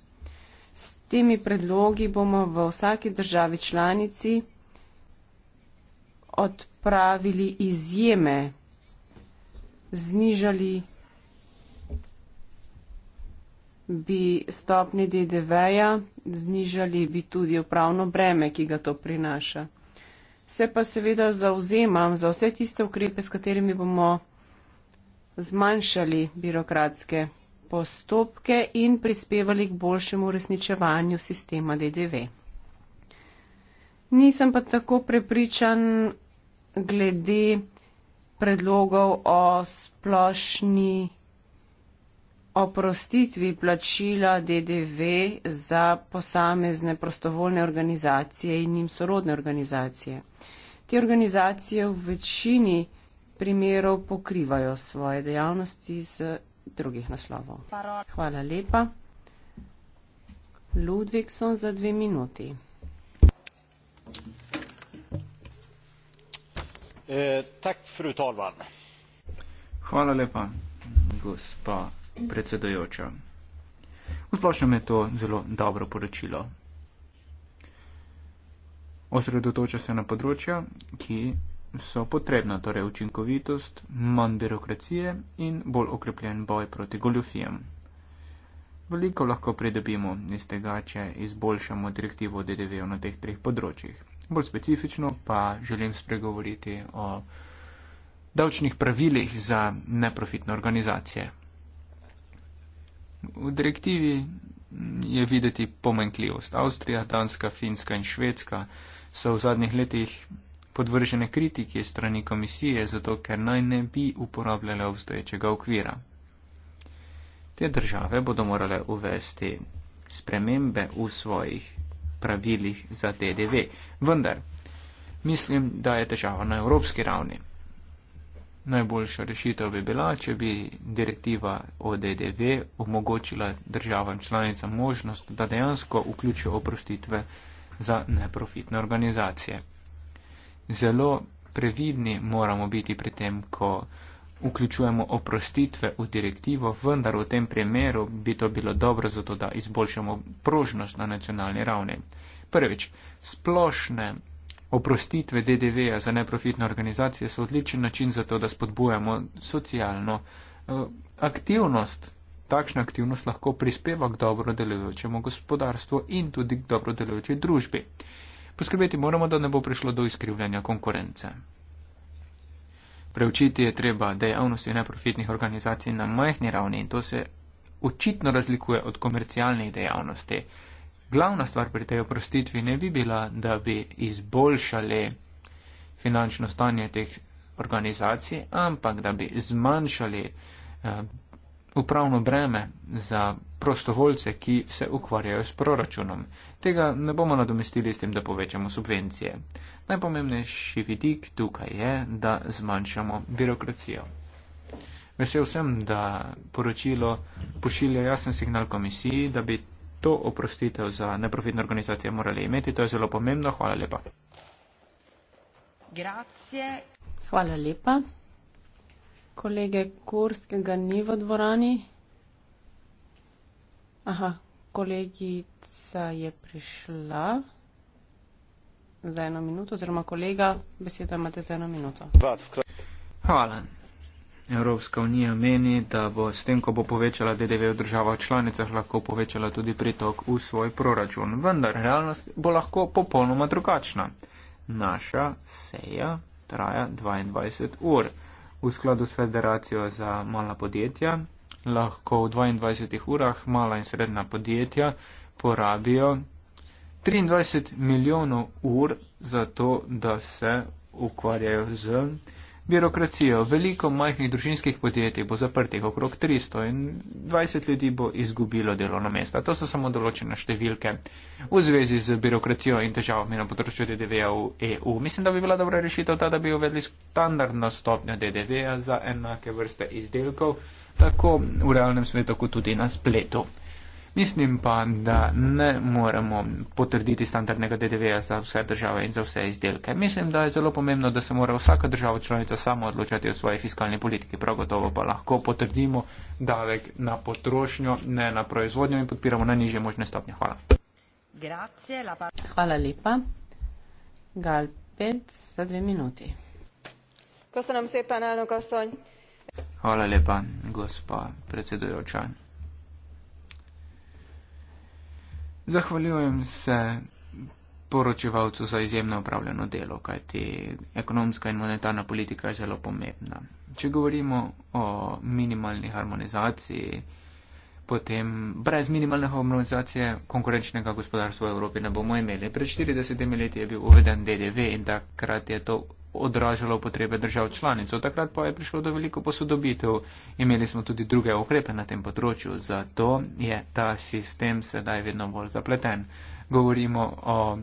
S temi predlogi bomo v vsaki državi članici odpravili izjeme, znižali bi stopni DDV-ja, znižali bi tudi upravno breme, ki ga to prinaša. Se pa seveda zauzemam za vse tiste ukrepe, s katerimi bomo zmanjšali birokratske postopke in prispevali k boljšemu uresničevanju sistema DDV. Nisem pa tako prepričan glede predlogov o splošni oprostitvi plačila DDV za posamezne prostovoljne organizacije in njim sorodne organizacije. Te organizacije v večini primerov pokrivajo svoje dejavnosti z drugih naslovov. Hvala lepa. Ludvigson za dve minuti. Eh, tak, Hvala lepa, gospa predsedojoča. V splošnem je to zelo dobro poročilo. Osredotoča se na področja, ki so potrebna, torej učinkovitost, manj birokracije in bolj okrepljen boj proti goljofijam. Veliko lahko pridobimo iz tega, če izboljšamo direktivo DDV na teh treh področjih. Bolj specifično pa želim spregovoriti o davčnih pravilih za neprofitne organizacije. V direktivi je videti pomenkljivost. Avstrija, Danska, Finska in Švedska so v zadnjih letih podvržene kritiki strani komisije, zato ker naj ne bi uporabljale obstoječega okvira. Te države bodo morale uvesti spremembe v svojih pravilih za DDV. Vendar, mislim, da je težava na evropski ravni najboljša rešitev bi bila, če bi direktiva ODDV omogočila državam članicam možnost, da dejansko vključijo oprostitve za neprofitne organizacije. Zelo previdni moramo biti pri tem, ko vključujemo oprostitve v direktivo, vendar v tem primeru bi to bilo dobro zato, da izboljšamo prožnost na nacionalni ravni. Prvič, splošne Oprostitve DDV-ja za neprofitne organizacije so odličen način za to, da spodbujamo socialno eh, aktivnost. Takšna aktivnost lahko prispeva k dobro delujočemu gospodarstvu in tudi k dobro delujoči družbi. Poskrbeti moramo, da ne bo prišlo do izkrivljanja konkurence. Preučiti je treba dejavnosti neprofitnih organizacij na majhni ravni in to se očitno razlikuje od komercialnih dejavnosti glavna stvar pri tej oprostitvi ne bi bila, da bi izboljšali finančno stanje teh organizacij, ampak da bi zmanjšali uh, upravno breme za prostovoljce, ki se ukvarjajo s proračunom. Tega ne bomo nadomestili s tem, da povečamo subvencije. Najpomembnejši vidik tukaj je, da zmanjšamo birokracijo. Vesel sem, da poročilo pošilja jasen signal komisiji, da bi to oprostitev za neprofitne organizacije morali imeti. To je zelo pomembno. Hvala lepa. Grazie. Hvala lepa. Kolege Kurskega ni v dvorani. Aha, kolegica je prišla. Za eno minuto, oziroma kolega, besedo imate za eno minuto. Hvala. Evropska unija meni, da bo s tem, ko bo povečala DDV v državah članicah, lahko povečala tudi pritok v svoj proračun. Vendar realnost bo lahko popolnoma drugačna. Naša seja traja 22 ur. V skladu s Federacijo za mala podjetja lahko v 22 urah mala in srednja podjetja porabijo 23 milijonov ur za to, da se ukvarjajo z birokracijo. Veliko majhnih družinskih podjetij bo zaprtih, okrog 300 in 20 ljudi bo izgubilo delovno mesto. To so samo določene številke v zvezi z birokracijo in težavami na področju DDV-ja v EU. Mislim, da bi bila dobra rešitev ta, da bi uvedli standardno stopnjo DDV-ja za enake vrste izdelkov, tako v realnem svetu, kot tudi na spletu. Mislim pa, da ne moremo potrditi standardnega DDV-ja za vse države in za vse izdelke. Mislim, da je zelo pomembno, da se mora vsaka država članica samo odločati o svoji fiskalni politiki. Prav gotovo pa lahko potrdimo davek na potrošnjo, ne na proizvodnjo in podpiramo na nižje možne stopnje. Hvala. Hvala lepa. Gal 5 za dve minuti. Hvala lepa, gospa predsedujoča. Zahvaljujem se poročevalcu za izjemno upravljeno delo, kajti ekonomska in monetarna politika je zelo pomembna. Če govorimo o minimalni harmonizaciji, potem brez minimalne harmonizacije konkurenčnega gospodarstva v Evropi ne bomo imeli. Pred 40 leti je bil uveden DDV in takrat je to odražalo potrebe držav članic. Od takrat pa je prišlo do veliko posodobitev. Imeli smo tudi druge ukrepe na tem področju, zato je ta sistem sedaj vedno bolj zapleten. Govorimo o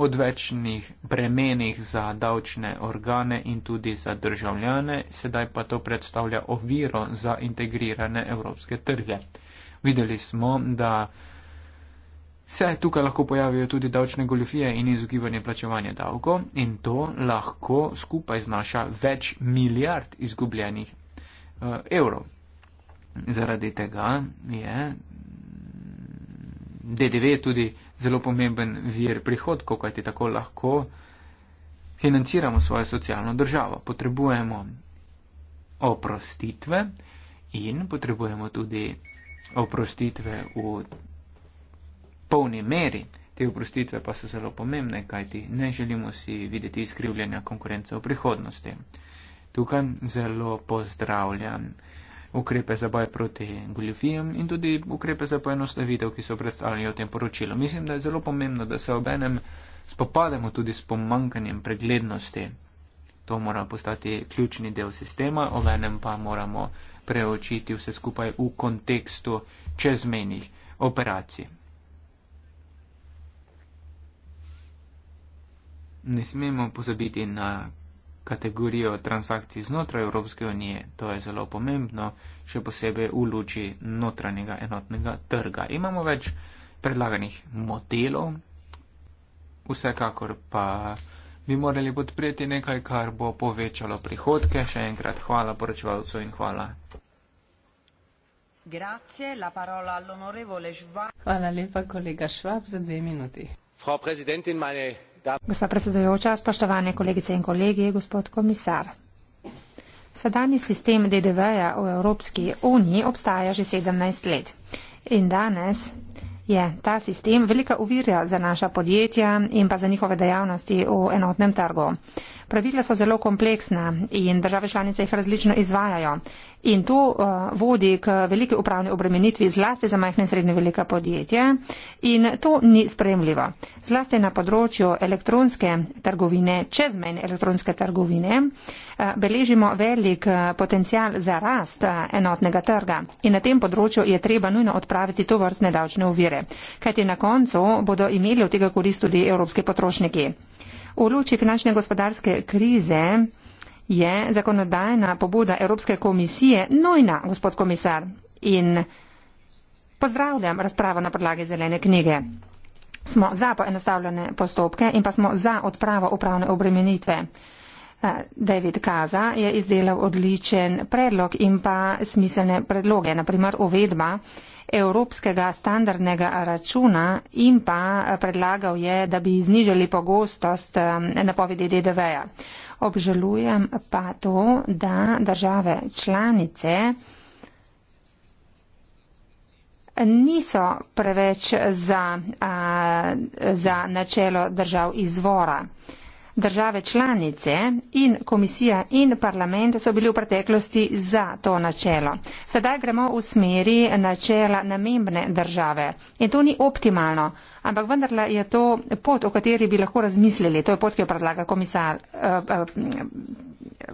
odvečnih bremenih za davčne organe in tudi za državljane, sedaj pa to predstavlja oviro za integrirane evropske trge. Videli smo, da se tukaj lahko pojavijo tudi davčne goljofije in izogibanje plačevanja davko in to lahko skupaj znaša več milijard izgubljenih uh, evrov. Zaradi tega je DDV tudi zelo pomemben vir prihodkov, kajti tako lahko financiramo svojo socialno državo. Potrebujemo oprostitve in potrebujemo tudi oprostitve v polni meri. Te oprostitve pa so zelo pomembne, kajti ne želimo si videti izkrivljanja konkurence v prihodnosti. Tukaj zelo pozdravljam ukrepe za boj proti goljofijam in tudi ukrepe za poenostavitev, ki so predstavljeni v tem poročilu. Mislim, da je zelo pomembno, da se obenem spopademo tudi s pomankanjem preglednosti. To mora postati ključni del sistema, obenem pa moramo preočiti vse skupaj v kontekstu čezmenih operacij. ne smemo pozabiti na kategorijo transakcij znotraj Evropske unije. To je zelo pomembno, še posebej v luči notranjega enotnega trga. Imamo več predlaganih modelov, vsekakor pa bi morali podpreti nekaj, kar bo povečalo prihodke. Še enkrat hvala poročevalcu in hvala. Grazie, la parola all'onorevole Schwab. Hvala lepa, kolega Schwab, za dve minuti. Frau Präsidentin, meine Gospa predsedujoča, spoštovane kolegice in kolegi, gospod komisar. Sedanji sistem DDV-ja v Evropski uniji obstaja že 17 let. In danes je ta sistem velika uvirja za naša podjetja in pa za njihove dejavnosti v enotnem trgu. Pravila so zelo kompleksna in države članice jih različno izvajajo. In to uh, vodi k veliki upravni obremenitvi zlasti za majhne in srednje velika podjetja. In to ni spremljivo. Zlasti na področju elektronske trgovine, čezmejne elektronske trgovine, uh, beležimo velik uh, potencial za rast uh, enotnega trga. In na tem področju je treba nujno odpraviti to vrstne davčne uvire. Kajti na koncu bodo imeli od tega korist tudi evropski potrošniki. V luči finančne gospodarske krize je zakonodajna pobuda Evropske komisije nujna, gospod komisar. In pozdravljam razpravo na podlagi zelene knjige. Smo za poenostavljene postopke in pa smo za odpravo upravne obremenitve. David Kaza je izdelal odličen predlog in pa smiselne predloge, naprimer uvedba evropskega standardnega računa in pa predlagal je, da bi znižali pogostost um, napovedi DDV-ja. Obžalujem pa to, da države članice niso preveč za, za načelo držav izvora. Države članice in komisija in parlament so bili v preteklosti za to načelo. Sedaj gremo v smeri načela namembne države. In to ni optimalno, ampak vendarle je to pot, o kateri bi lahko razmislili. To je pot, ki jo predlaga komisar, eh, eh,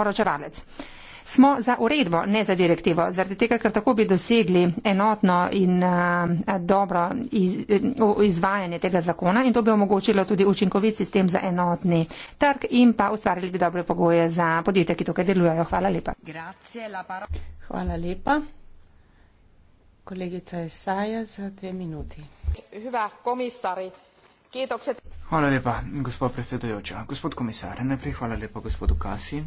poročevalec. Eh, smo za uredbo, ne za direktivo, zaradi tega, ker tako bi dosegli enotno in uh, dobro iz, eh, izvajanje tega zakona in to bi omogočilo tudi učinkovit sistem za enotni trg in pa ustvarili bi dobre pogoje za podjetja, ki tukaj delujejo. Hvala lepa. Grazie, Hvala lepa. Kolegica Esaja za dve minuti. Hva, komisari. Hvala lepa, gospod predsedujoča. Gospod komisar, najprej hvala lepa gospodu Kasi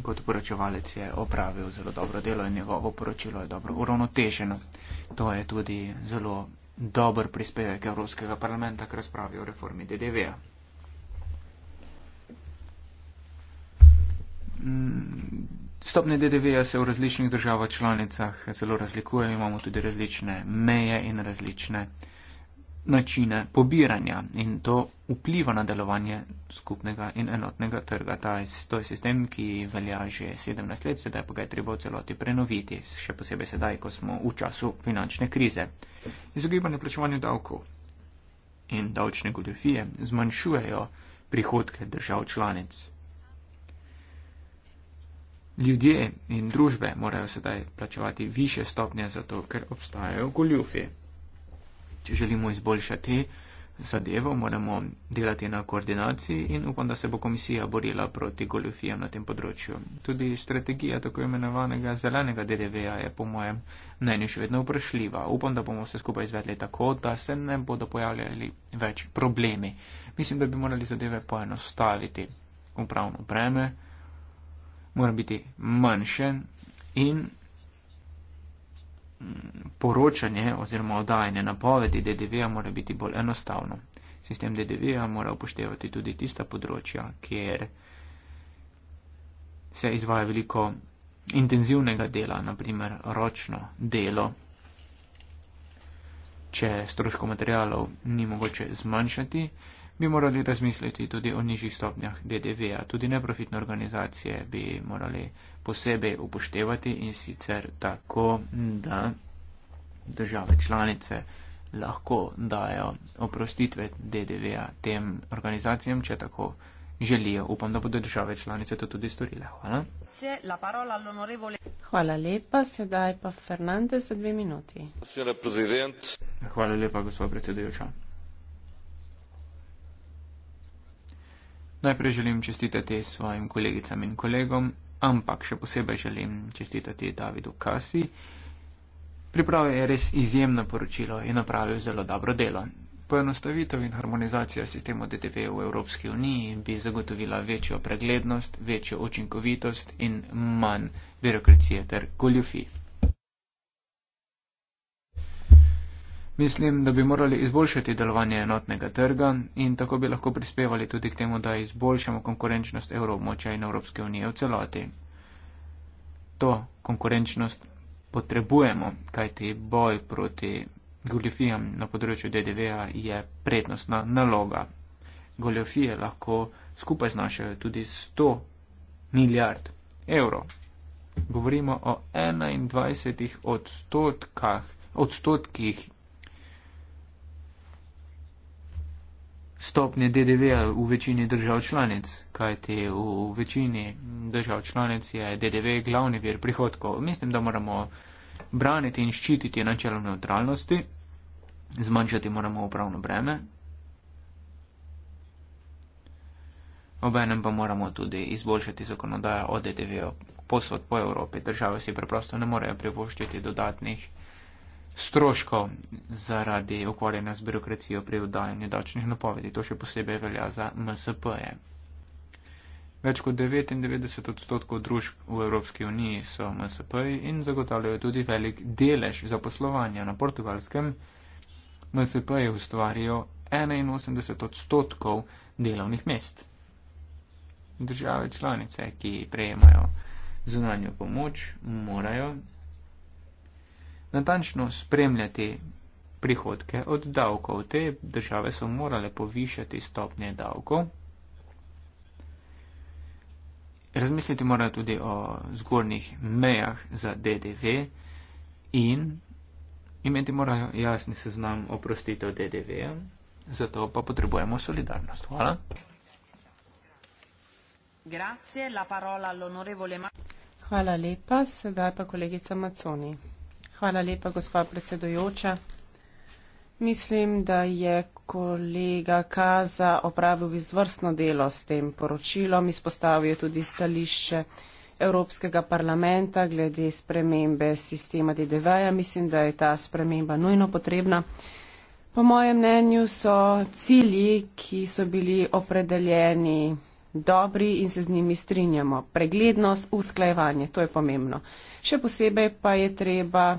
kot poročevalec je opravil zelo dobro delo in njegovo poročilo je dobro uravnoteženo. To je tudi zelo dober prispevek Evropskega parlamenta k razpravi o reformi DDV-ja. Mm, Stopne DDV-ja se v različnih državah članicah zelo razlikujejo, imamo tudi različne meje in različne načine pobiranja in to vpliva na delovanje skupnega in enotnega trga. Ta, to je sistem, ki velja že 17 let, sedaj pa ga je treba v celoti prenoviti, še posebej sedaj, ko smo v času finančne krize. Izogibanje plačevanju davkov in davčne goljofije zmanjšujejo prihodke držav članic. Ljudje in družbe morajo sedaj plačevati više stopnje zato, ker obstajajo goljofije če želimo izboljšati zadevo, moramo delati na koordinaciji in upam, da se bo komisija borila proti goljofijam na tem področju. Tudi strategija tako imenovanega zelenega DDV-ja je po mojem mnenju še vedno vprašljiva. Upam, da bomo vse skupaj izvedli tako, da se ne bodo pojavljali več problemi. Mislim, da bi morali zadeve poenostaviti. Upravno breme mora biti manjše in poročanje oziroma oddajanje napovedi DDV-ja mora biti bolj enostavno. Sistem DDV-ja mora upoštevati tudi tista področja, kjer se izvaja veliko intenzivnega dela, naprimer ročno delo. Če stroško materialov ni mogoče zmanjšati, bi morali razmisliti tudi o nižjih stopnjah DDV-ja. Tudi neprofitne organizacije bi morali posebej upoštevati in sicer tako, da države članice lahko dajo oprostitve DDV-ja tem organizacijam, če tako želijo. Upam, da bodo države članice to tudi storile. Hvala. Hvala lepa, sedaj pa Fernandez za dve minuti. Hvala lepa, gospod predsedujoča. Najprej želim čestitati svojim kolegicam in kolegom, ampak še posebej želim čestitati Davidu Kasi. Pripravil je res izjemno poročilo in napravil zelo dobro delo. Poenostavitev in harmonizacija sistemov DTV v Evropski uniji bi zagotovila večjo preglednost, večjo učinkovitost in manj birokracije ter goljofij. Mislim, da bi morali izboljšati delovanje enotnega trga in tako bi lahko prispevali tudi k temu, da izboljšamo konkurenčnost evroobmočja in Evropske unije v celoti. To konkurenčnost potrebujemo, kajti boj proti goljofijam na področju DDV-a je prednostna naloga. Goljofije lahko skupaj znašajo tudi 100 milijard evrov. Govorimo o 21 odstotkah, odstotkih stopnje DDV-ja v večini držav članic, kajti v večini držav članic je DDV glavni vir prihodkov. Mislim, da moramo braniti in ščititi načelo neutralnosti, zmanjšati moramo upravno breme. Obenem pa moramo tudi izboljšati zakonodajo o DDV-ju posod po Evropi. Države si preprosto ne morejo privoščiti dodatnih stroškov zaradi okoljena z birokracijo pri oddajanju davčnih napovedi. To še posebej velja za MSP-je. Več kot 99 odstotkov družb v Evropski uniji so MSP-ji in zagotavljajo tudi velik delež za poslovanje. Na portugalskem MSP-ji ustvarijo 81 odstotkov delovnih mest. Države članice, ki prejemajo zunanjo pomoč, morajo natančno spremljati prihodke od davkov. Te države so morale povišati stopnje davkov. Razmisliti mora tudi o zgornjih mejah za DDV in imeti mora jasni seznam oprostitev DDV-ja, zato pa potrebujemo solidarnost. Hvala. Grazie, la parola all'onorevole Hvala lepa, sedaj pa kolegica Maconi. Hvala lepa, gospa predsedujoča. Mislim, da je kolega Kaza opravil izvrstno delo s tem poročilom. Izpostavil je tudi stališče Evropskega parlamenta glede spremembe sistema DDV-ja. Mislim, da je ta sprememba nujno potrebna. Po mojem mnenju so cilji, ki so bili opredeljeni, dobri in se z njimi strinjamo. Preglednost, usklajevanje, to je pomembno. Še posebej pa je treba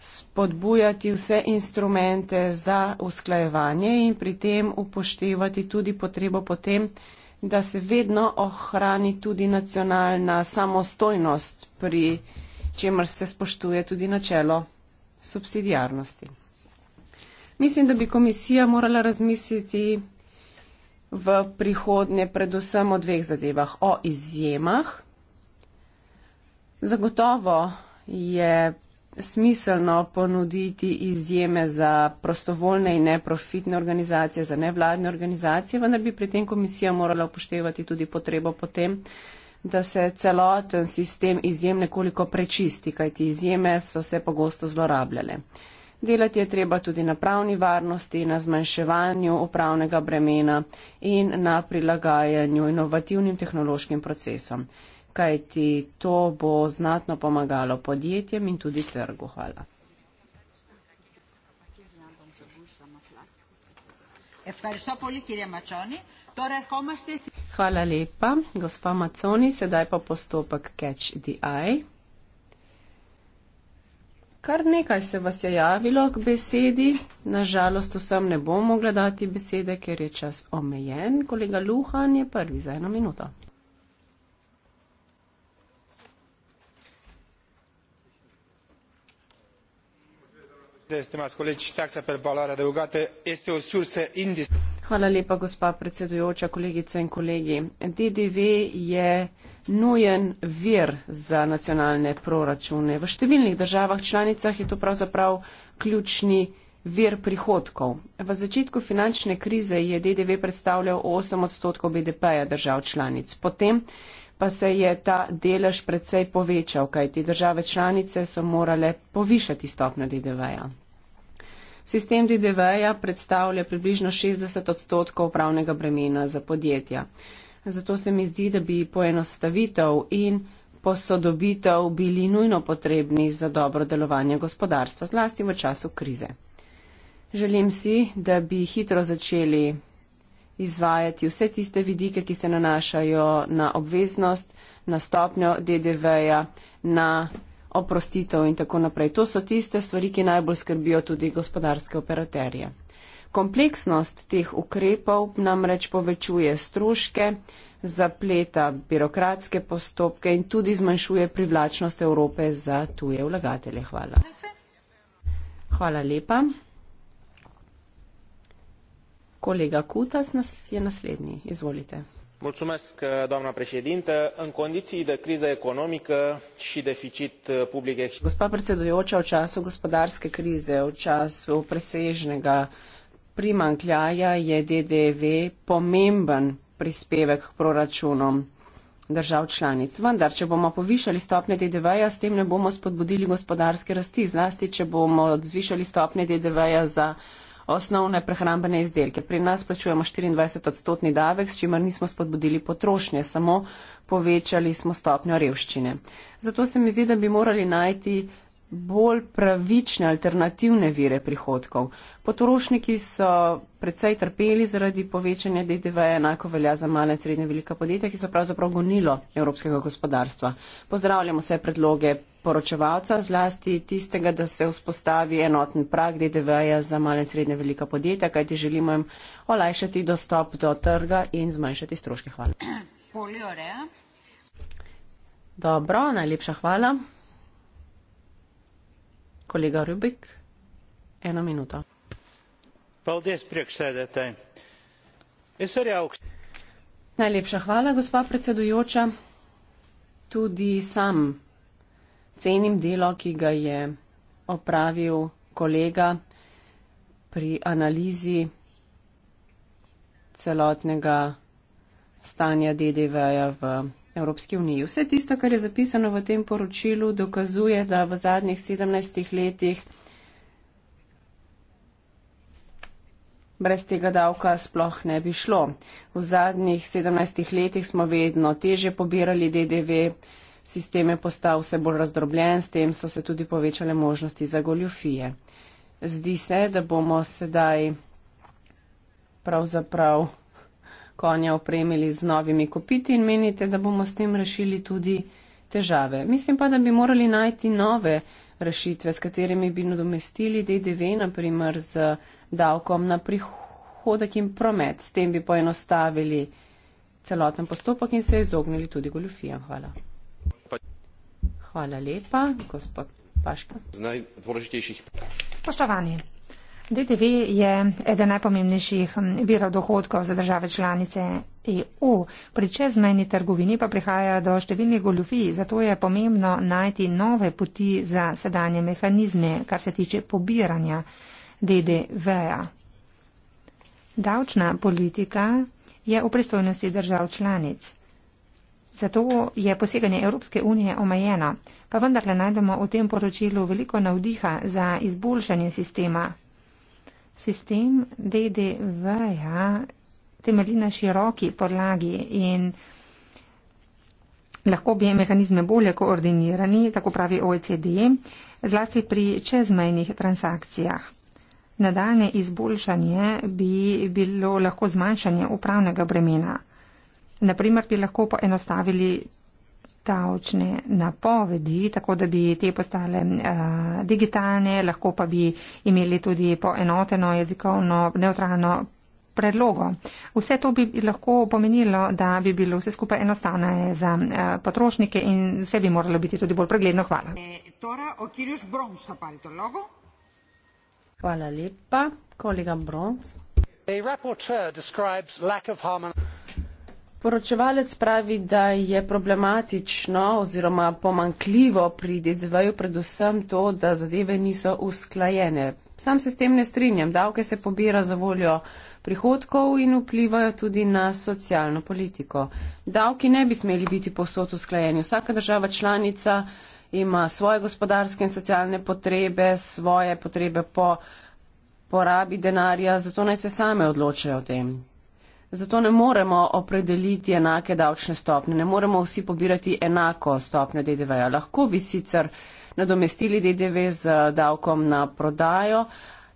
spodbujati vse instrumente za usklajevanje in pri tem upoštevati tudi potrebo potem, da se vedno ohrani tudi nacionalna samostojnost, pri čemer se spoštuje tudi načelo subsidijarnosti. Mislim, da bi komisija morala razmisliti v prihodnje predvsem o dveh zadevah. O izjemah. Zagotovo je smiselno ponuditi izjeme za prostovoljne in neprofitne organizacije, za nevladne organizacije, vendar bi pri tem komisija morala upoštevati tudi potrebo potem, da se celoten sistem izjem nekoliko prečisti, kajti izjeme so se pogosto zlorabljale. Delati je treba tudi na pravni varnosti, na zmanjševanju upravnega bremena in na prilagajanju inovativnim tehnološkim procesom kajti to bo znatno pomagalo podjetjem in tudi trgu. Hvala. Torej, Hvala lepa, gospa Maconi. Sedaj pa postopek Catch the Eye. Kar nekaj se vas je javilo k besedi. Nažalost, vsem ne bom mogla dati besede, ker je čas omejen. Kolega Luhan je prvi za eno minuto. taksa pe valoare adăugată este o sursă indispensabilă Hvala lepa, gospa predsedujoča, kolegice in kolegi. DDV je nujen vir za nacionalne proračune. V številnih državah članicah je to pravzaprav ključni vir prihodkov. V začetku finančne krize je DDV predstavljal 8 odstotkov BDP-ja držav članic. Potem pa se je ta delež predvsej povečal, kajti države članice so morale povišati stopno DDV-ja. Sistem DDV-ja predstavlja približno 60 odstotkov pravnega bremena za podjetja. Zato se mi zdi, da bi poenostavitev in posodobitev bili nujno potrebni za dobro delovanje gospodarstva, zlasti v času krize. Želim si, da bi hitro začeli izvajati vse tiste vidike, ki se nanašajo na obveznost, na stopnjo DDV-ja, na oprostitev in tako naprej. To so tiste stvari, ki najbolj skrbijo tudi gospodarske operaterje. Kompleksnost teh ukrepov namreč povečuje stroške, zapleta birokratske postopke in tudi zmanjšuje privlačnost Evrope za tuje vlagatelje. Hvala. Hvala lepa. Kolega Kutas je naslednji. Izvolite. Uh, în condiții de criză economică și deficit uh, public excesiv. Gospa predsedujoča, v času gospodarske krize, v času presežnega primankljaja je DDV pomemben prispevek k proračunom držav članic. Vendar, če bomo povišali stopne DDV-ja, s tem ne bomo spodbudili gospodarske rasti, zlasti, če bomo zvišali stopne DDV-ja za osnovne prehrambene izdelke. Pri nas plačujemo 24 odstotni davek, s čimer nismo spodbudili potrošnje, samo povečali smo stopnjo revščine. Zato se mi zdi, da bi morali najti bolj pravične alternativne vire prihodkov. Potrošniki so predvsej trpeli zaradi povečanja DDV, enako velja za male in srednje velika podjetja, ki so pravzaprav gonilo evropskega gospodarstva. Pozdravljamo vse predloge poročevalca, zlasti tistega, da se vzpostavi enoten prag DDV-ja za male in srednje velika podjetja, kajti želimo jim olajšati dostop do trga in zmanjšati stroške. Hvala. Dobro, najlepša hvala. Najlepša hvala, gospa predsedujoča. Tudi sam cenim delo, ki ga je opravil kolega pri analizi celotnega stanja DDV-ja v Evropski uniji. Vse tisto, kar je zapisano v tem poročilu, dokazuje, da v zadnjih 17 letih brez tega davka sploh ne bi šlo. V zadnjih 17 letih smo vedno teže pobirali DDV, sistem je postal vse bolj razdrobljen, s tem so se tudi povečale možnosti za goljofije. Zdi se, da bomo sedaj pravzaprav. Prav konja opremili z novimi kopiti in menite, da bomo s tem rešili tudi težave. Mislim pa, da bi morali najti nove rešitve, s katerimi bi nadomestili DDV, naprimer z davkom na prihodek in promet. S tem bi poenostavili celoten postopek in se izognili tudi goljufijam. Hvala. Hvala lepa, gospod Paška. Spoštovanje. DDV je eden najpomembnejših hm, virov dohodkov za države članice EU. Pri čezmejni trgovini pa prihaja do številnih goljufij, zato je pomembno najti nove poti za sedanje mehanizme, kar se tiče pobiranja DDV-ja. Davčna politika je v pristojnosti držav članic. Zato je poseganje Evropske unije omejeno, pa vendarle najdemo v tem poročilu veliko navdiha za izboljšanje sistema Sistem DDV-ja temelji na široki podlagi in lahko bi mehanizme bolje koordinirani, tako pravi OECD, zlasti pri čezmejnih transakcijah. Nadaljne izboljšanje bi bilo lahko zmanjšanje upravnega bremena. Naprimer bi lahko poenostavili davčne napovedi, tako da bi te postale uh, digitalne, lahko pa bi imeli tudi poenoteno jezikovno neutralno predlogo. Vse to bi lahko pomenilo, da bi bilo vse skupaj enostavneje za uh, potrošnike in vse bi moralo biti tudi bolj pregledno. Hvala. Eh, Hvala lepa, kolega Bronc. Poročevalec pravi, da je problematično oziroma pomankljivo pri DDV-ju predvsem to, da zadeve niso usklajene. Sam se s tem ne strinjam. Davke se pobira za voljo prihodkov in vplivajo tudi na socialno politiko. Davki ne bi smeli biti povsod usklajeni. Vsaka država članica ima svoje gospodarske in socialne potrebe, svoje potrebe po porabi denarja, zato naj se same odločajo o tem. Zato ne moremo opredeliti enake davčne stopne, ne moremo vsi pobirati enako stopnjo DDV-ja. Lahko bi sicer nadomestili DDV z davkom na prodajo.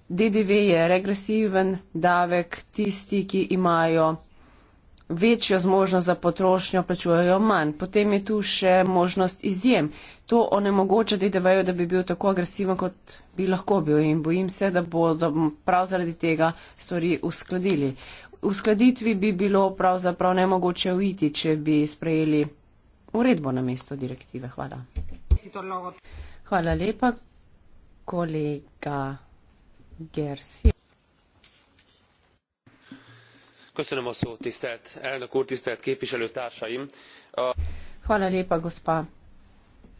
DDV je regresiven davek, tisti, ki imajo večjo zmožnost za potrošnjo, plačujejo manj. Potem je tu še možnost izjem. To onemogoča DDV-ju, da bi bil tako agresiven, kot bi lahko bil in bojim se, da bodo prav zaradi tega stvari uskladili uskladitvi bi bilo pravzaprav nemogoče uiti, če bi sprejeli uredbo na mesto direktive. Hvala. Hvala lepa, kolega Gersi. Köszönöm a szót, tisztelt elnök úr, tisztelt képviselőtársaim. A... Hvala lepa, gospa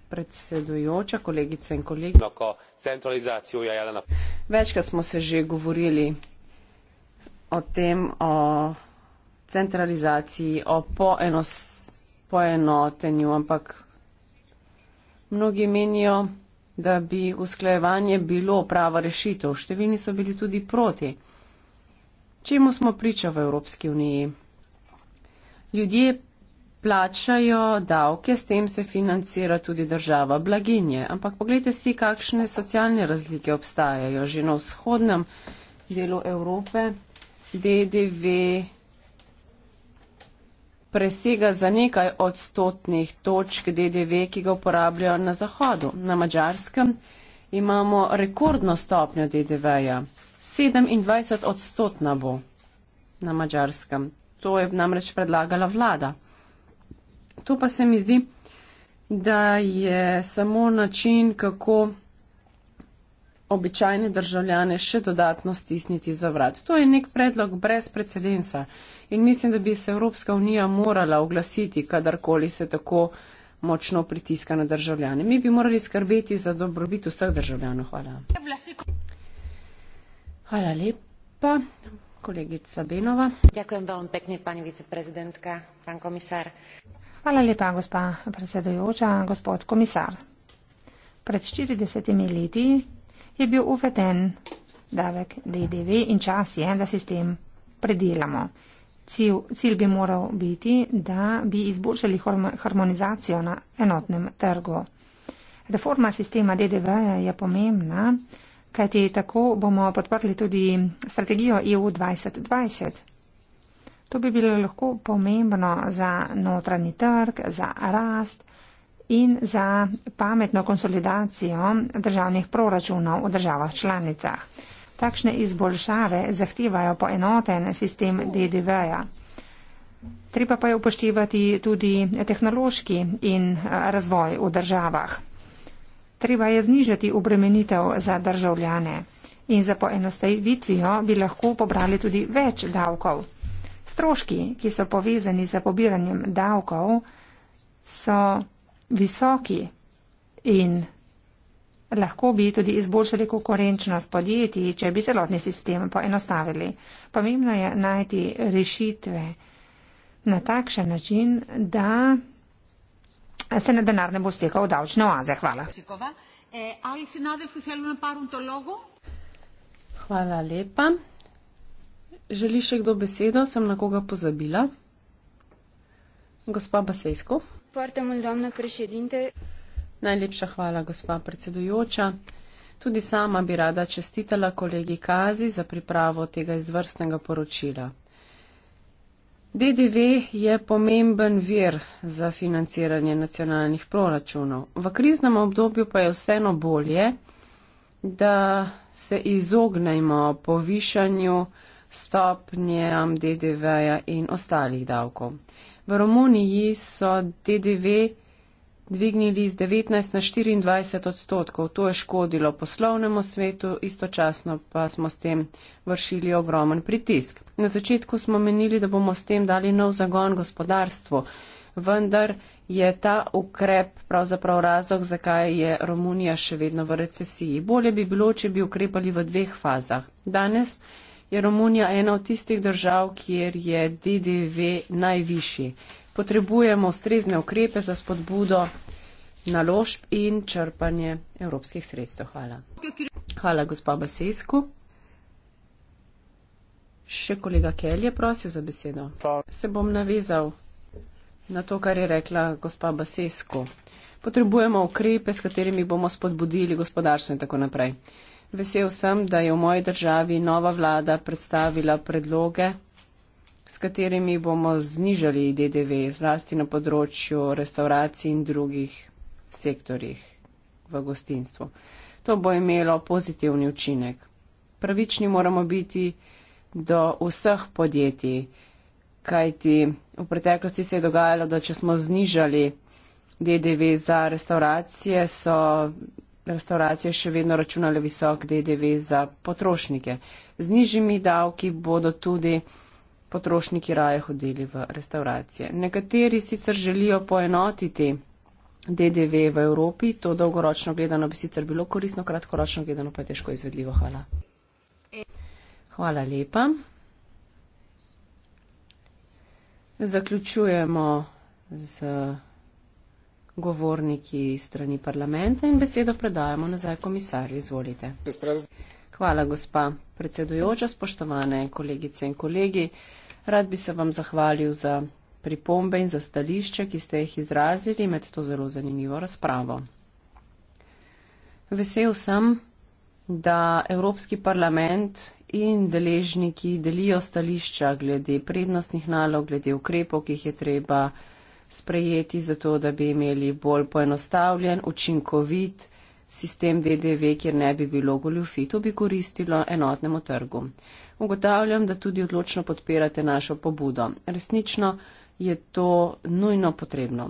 predsedujoča, kolegice in kolegi. A centralizációja jelen a... Večkrat smo se že govorili o tem, o centralizaciji, o poenos, poenotenju, ampak mnogi menijo, da bi usklajevanje bilo prava rešitev. Številni so bili tudi proti. Čemu smo priča v Evropski uniji? Ljudje plačajo davke, s tem se financira tudi država blaginje. Ampak pogledajte si, kakšne socialne razlike obstajajo že na vzhodnem delu Evrope. DDV presega za nekaj odstotnih točk DDV, ki ga uporabljajo na Zahodu. Na Mačarskem imamo rekordno stopnjo DDV-ja. 27 odstotna bo na Mačarskem. To je namreč predlagala vlada. To pa se mi zdi, da je samo način, kako običajne državljane še dodatno stisniti za vrat. To je nek predlog brez precedensa in mislim, da bi se Evropska unija morala oglasiti, kadarkoli se tako močno pritiska na državljane. Mi bi morali skrbeti za dobrobit vseh državljanov. Hvala. Hvala lepa, kolegica Benova. Dakujem vam, pekni pani viceprezidentka, pan komisar. Hvala lepa, gospa predsedujoča, gospod komisar. Pred 40 leti je bil uveden davek DDV in čas je, da sistem predelamo. Cil, cilj bi moral biti, da bi izboljšali harmonizacijo na enotnem trgu. Reforma sistema DDV je pomembna, kajti tako bomo podprli tudi strategijo EU 2020. To bi bilo lahko pomembno za notranji trg, za rast, in za pametno konsolidacijo državnih proračunov v državah članicah. Takšne izboljšave zahtevajo poenoten sistem DDV-ja. Treba pa je upoštevati tudi tehnološki in eh, razvoj v državah. Treba je znižati obremenitev za državljane in za poenostavitvijo bi lahko pobrali tudi več davkov. Stroški, ki so povezani z pobiranjem davkov, so visoki in lahko bi tudi izboljšali konkurenčnost podjetij, če bi celotni sistem poenostavili. Pomembno je najti rešitve na takšen način, da se na denar ne bo stekal v davčne oaze. Hvala. Hvala lepa. Želi še kdo besedo? Sem na koga pozabila? Gospa Basejsko. Najlepša hvala, gospa predsedujoča. Tudi sama bi rada čestitala kolegi Kazi za pripravo tega izvrstnega poročila. DDV je pomemben vir za financiranje nacionalnih proračunov. V kriznem obdobju pa je vseeno bolje, da se izognemo povišanju stopnjam DDV-ja in ostalih davkov. V Romuniji so DDV dvignili z 19 na 24 odstotkov. To je škodilo poslovnemu svetu, istočasno pa smo s tem vršili ogromen pritisk. Na začetku smo menili, da bomo s tem dali nov zagon gospodarstvu, vendar je ta ukrep pravzaprav razlog, zakaj je Romunija še vedno v recesiji. Bolje bi bilo, če bi ukrepali v dveh fazah. Danes je Romunija ena od tistih držav, kjer je DDV najvišji. Potrebujemo ustrezne ukrepe za spodbudo naložb in črpanje evropskih sredstev. Hvala. Hvala, gospa Basejsku. Še kolega Kelj je prosil za besedo. Se bom navezal na to, kar je rekla gospa Basejsku. Potrebujemo ukrepe, s katerimi bomo spodbudili gospodarstvo in tako naprej. Vesel sem, da je v moji državi nova vlada predstavila predloge, s katerimi bomo znižali DDV, zlasti na področju restauracij in drugih sektorjih v gostinstvu. To bo imelo pozitivni učinek. Pravični moramo biti do vseh podjetij, kajti v preteklosti se je dogajalo, da če smo znižali DDV za restauracije, so restauracije še vedno računale visok DDV za potrošnike. Z nižjimi davki bodo tudi potrošniki raje hodili v restauracije. Nekateri sicer želijo poenotiti DDV v Evropi, to dolgoročno gledano bi sicer bilo korisno, kratkoročno gledano pa je težko izvedljivo. Hvala. Hvala lepa. Zaključujemo z govorniki strani parlamenta in besedo predajamo nazaj komisarju. Izvolite. Hvala, gospa predsedujoča, spoštovane kolegice in kolegi. Rad bi se vam zahvalil za pripombe in za stališče, ki ste jih izrazili med to zelo zanimivo razpravo. Vesel sem, da Evropski parlament in deležniki delijo stališča glede prednostnih nalog, glede ukrepov, ki jih je treba sprejeti, zato da bi imeli bolj poenostavljen, učinkovit sistem DDV, kjer ne bi bilo goljufi, to bi koristilo enotnemu trgu. Ugotavljam, da tudi odločno podpirate našo pobudo. Resnično je to nujno potrebno.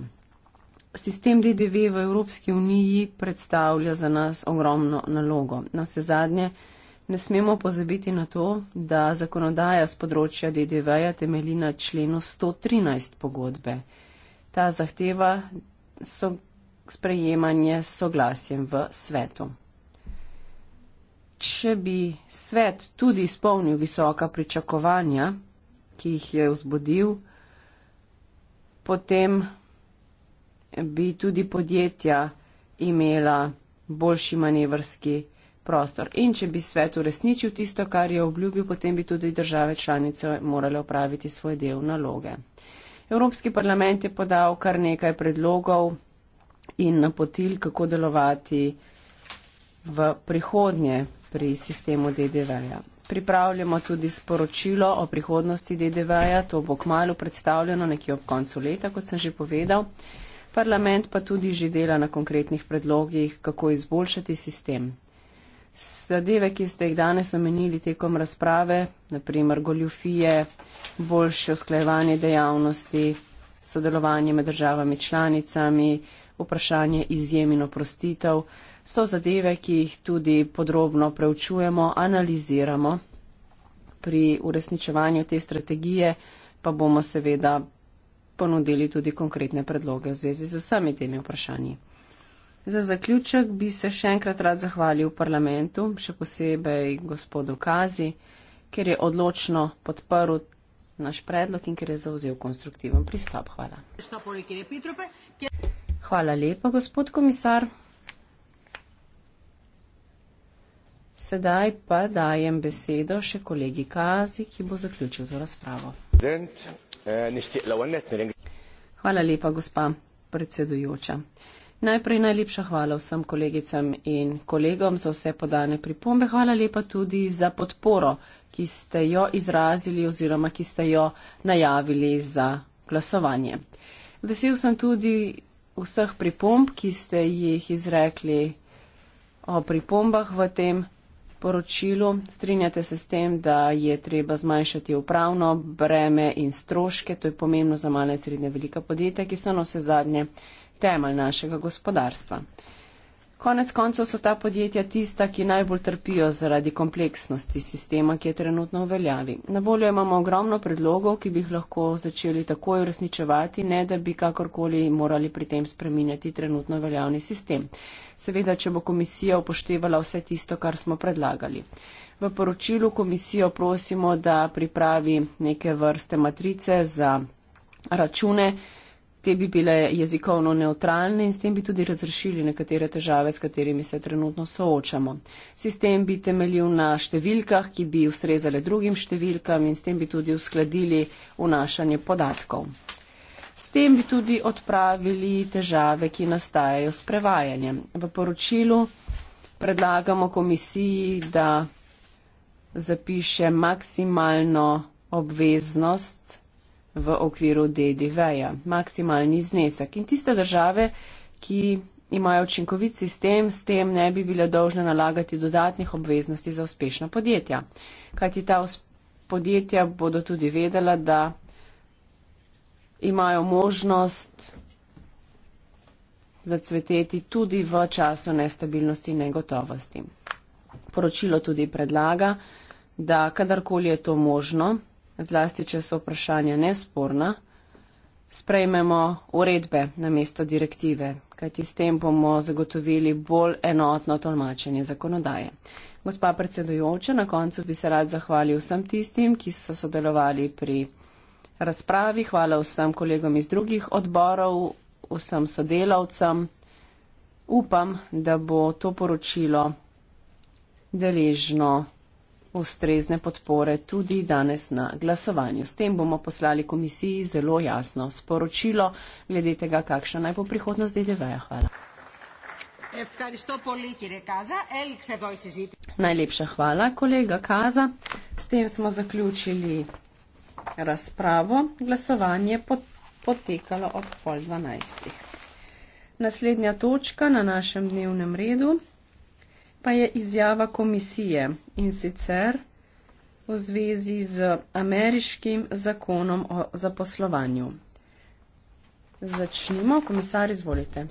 Sistem DDV v Evropski uniji predstavlja za nas ogromno nalogo. Na vse zadnje ne smemo pozabiti na to, da zakonodaja z področja DDV-ja temeli na členu 113 pogodbe. Ta zahteva so sprejemanje s soglasjem v svetu. Če bi svet tudi izpolnil visoka pričakovanja, ki jih je vzbudil, potem bi tudi podjetja imela boljši manevrski prostor. In če bi svet uresničil tisto, kar je obljubil, potem bi tudi države članice morale opraviti svoj del naloge. Evropski parlament je podal kar nekaj predlogov in napotil, kako delovati v prihodnje pri sistemu DDV-ja. Pripravljamo tudi sporočilo o prihodnosti DDV-ja, to bo kmalo predstavljeno nekje ob koncu leta, kot sem že povedal. Parlament pa tudi že dela na konkretnih predlogih, kako izboljšati sistem. Zadeve, ki ste jih danes omenili tekom razprave, naprimer goljufije, boljše usklajevanje dejavnosti, sodelovanje med državami članicami, vprašanje izjem in oprostitev, so zadeve, ki jih tudi podrobno preučujemo, analiziramo. Pri uresničevanju te strategije pa bomo seveda ponudili tudi konkretne predloge v zvezi z vsemi temi vprašanji. Za zaključek bi se še enkrat rad zahvalil parlamentu, še posebej gospodu Kazi, ker je odločno podprl naš predlog in ker je zauzel konstruktiven pristop. Hvala. Hvala lepa, gospod komisar. Sedaj pa dajem besedo še kolegi Kazi, ki bo zaključil to razpravo. Eh, Hvala lepa, gospa predsedujoča. Najprej najlepša hvala vsem kolegicam in kolegom za vse podane pripombe. Hvala lepa tudi za podporo, ki ste jo izrazili oziroma ki ste jo najavili za glasovanje. Vesel sem tudi vseh pripomb, ki ste jih izrekli o pripombah v tem poročilu. Strinjate se s tem, da je treba zmanjšati upravno breme in stroške. To je pomembno za male in srednje velika podjetja, ki so na vse zadnje temelj našega gospodarstva. Konec koncev so ta podjetja tista, ki najbolj trpijo zaradi kompleksnosti sistema, ki je trenutno v veljavi. Na voljo imamo ogromno predlogov, ki bi jih lahko začeli takoj uresničevati, ne da bi kakorkoli morali pri tem spreminjati trenutno veljavni sistem. Seveda, če bo komisija upoštevala vse tisto, kar smo predlagali. V poročilu komisijo prosimo, da pripravi neke vrste matrice za račune Te bi bile jezikovno neutralne in s tem bi tudi razrešili nekatere težave, s katerimi se trenutno soočamo. Sistem bi temeljil na številkah, ki bi ustrezale drugim številkam in s tem bi tudi uskladili vnašanje podatkov. S tem bi tudi odpravili težave, ki nastajajo s prevajanjem. V poročilu predlagamo komisiji, da zapiše maksimalno obveznost v okviru DDV-ja, maksimalni znesek. In tiste države, ki imajo učinkovit sistem, s tem ne bi bile dolžne nalagati dodatnih obveznosti za uspešna podjetja. Kajti ta podjetja bodo tudi vedela, da imajo možnost zacveteti tudi v času nestabilnosti in negotovosti. Poročilo tudi predlaga, da kadarkoli je to možno, zlasti če so vprašanja nesporna, sprejmemo uredbe na mesto direktive, kajti s tem bomo zagotovili bolj enotno tolmačenje zakonodaje. Gospa predsedujoča, na koncu bi se rad zahvalil vsem tistim, ki so sodelovali pri razpravi. Hvala vsem kolegom iz drugih odborov, vsem sodelavcem. Upam, da bo to poročilo deležno ustrezne podpore tudi danes na glasovanju. S tem bomo poslali komisiji zelo jasno sporočilo glede tega, kakšna naj bo prihodnost DDV-ja. Hvala. Najlepša hvala, kolega Kaza. S tem smo zaključili razpravo. Glasovanje potekalo ob pol dvanajstih. Naslednja točka na našem dnevnem redu pa je izjava komisije in sicer v zvezi z ameriškim zakonom o zaposlovanju. Začnimo, komisar, izvolite.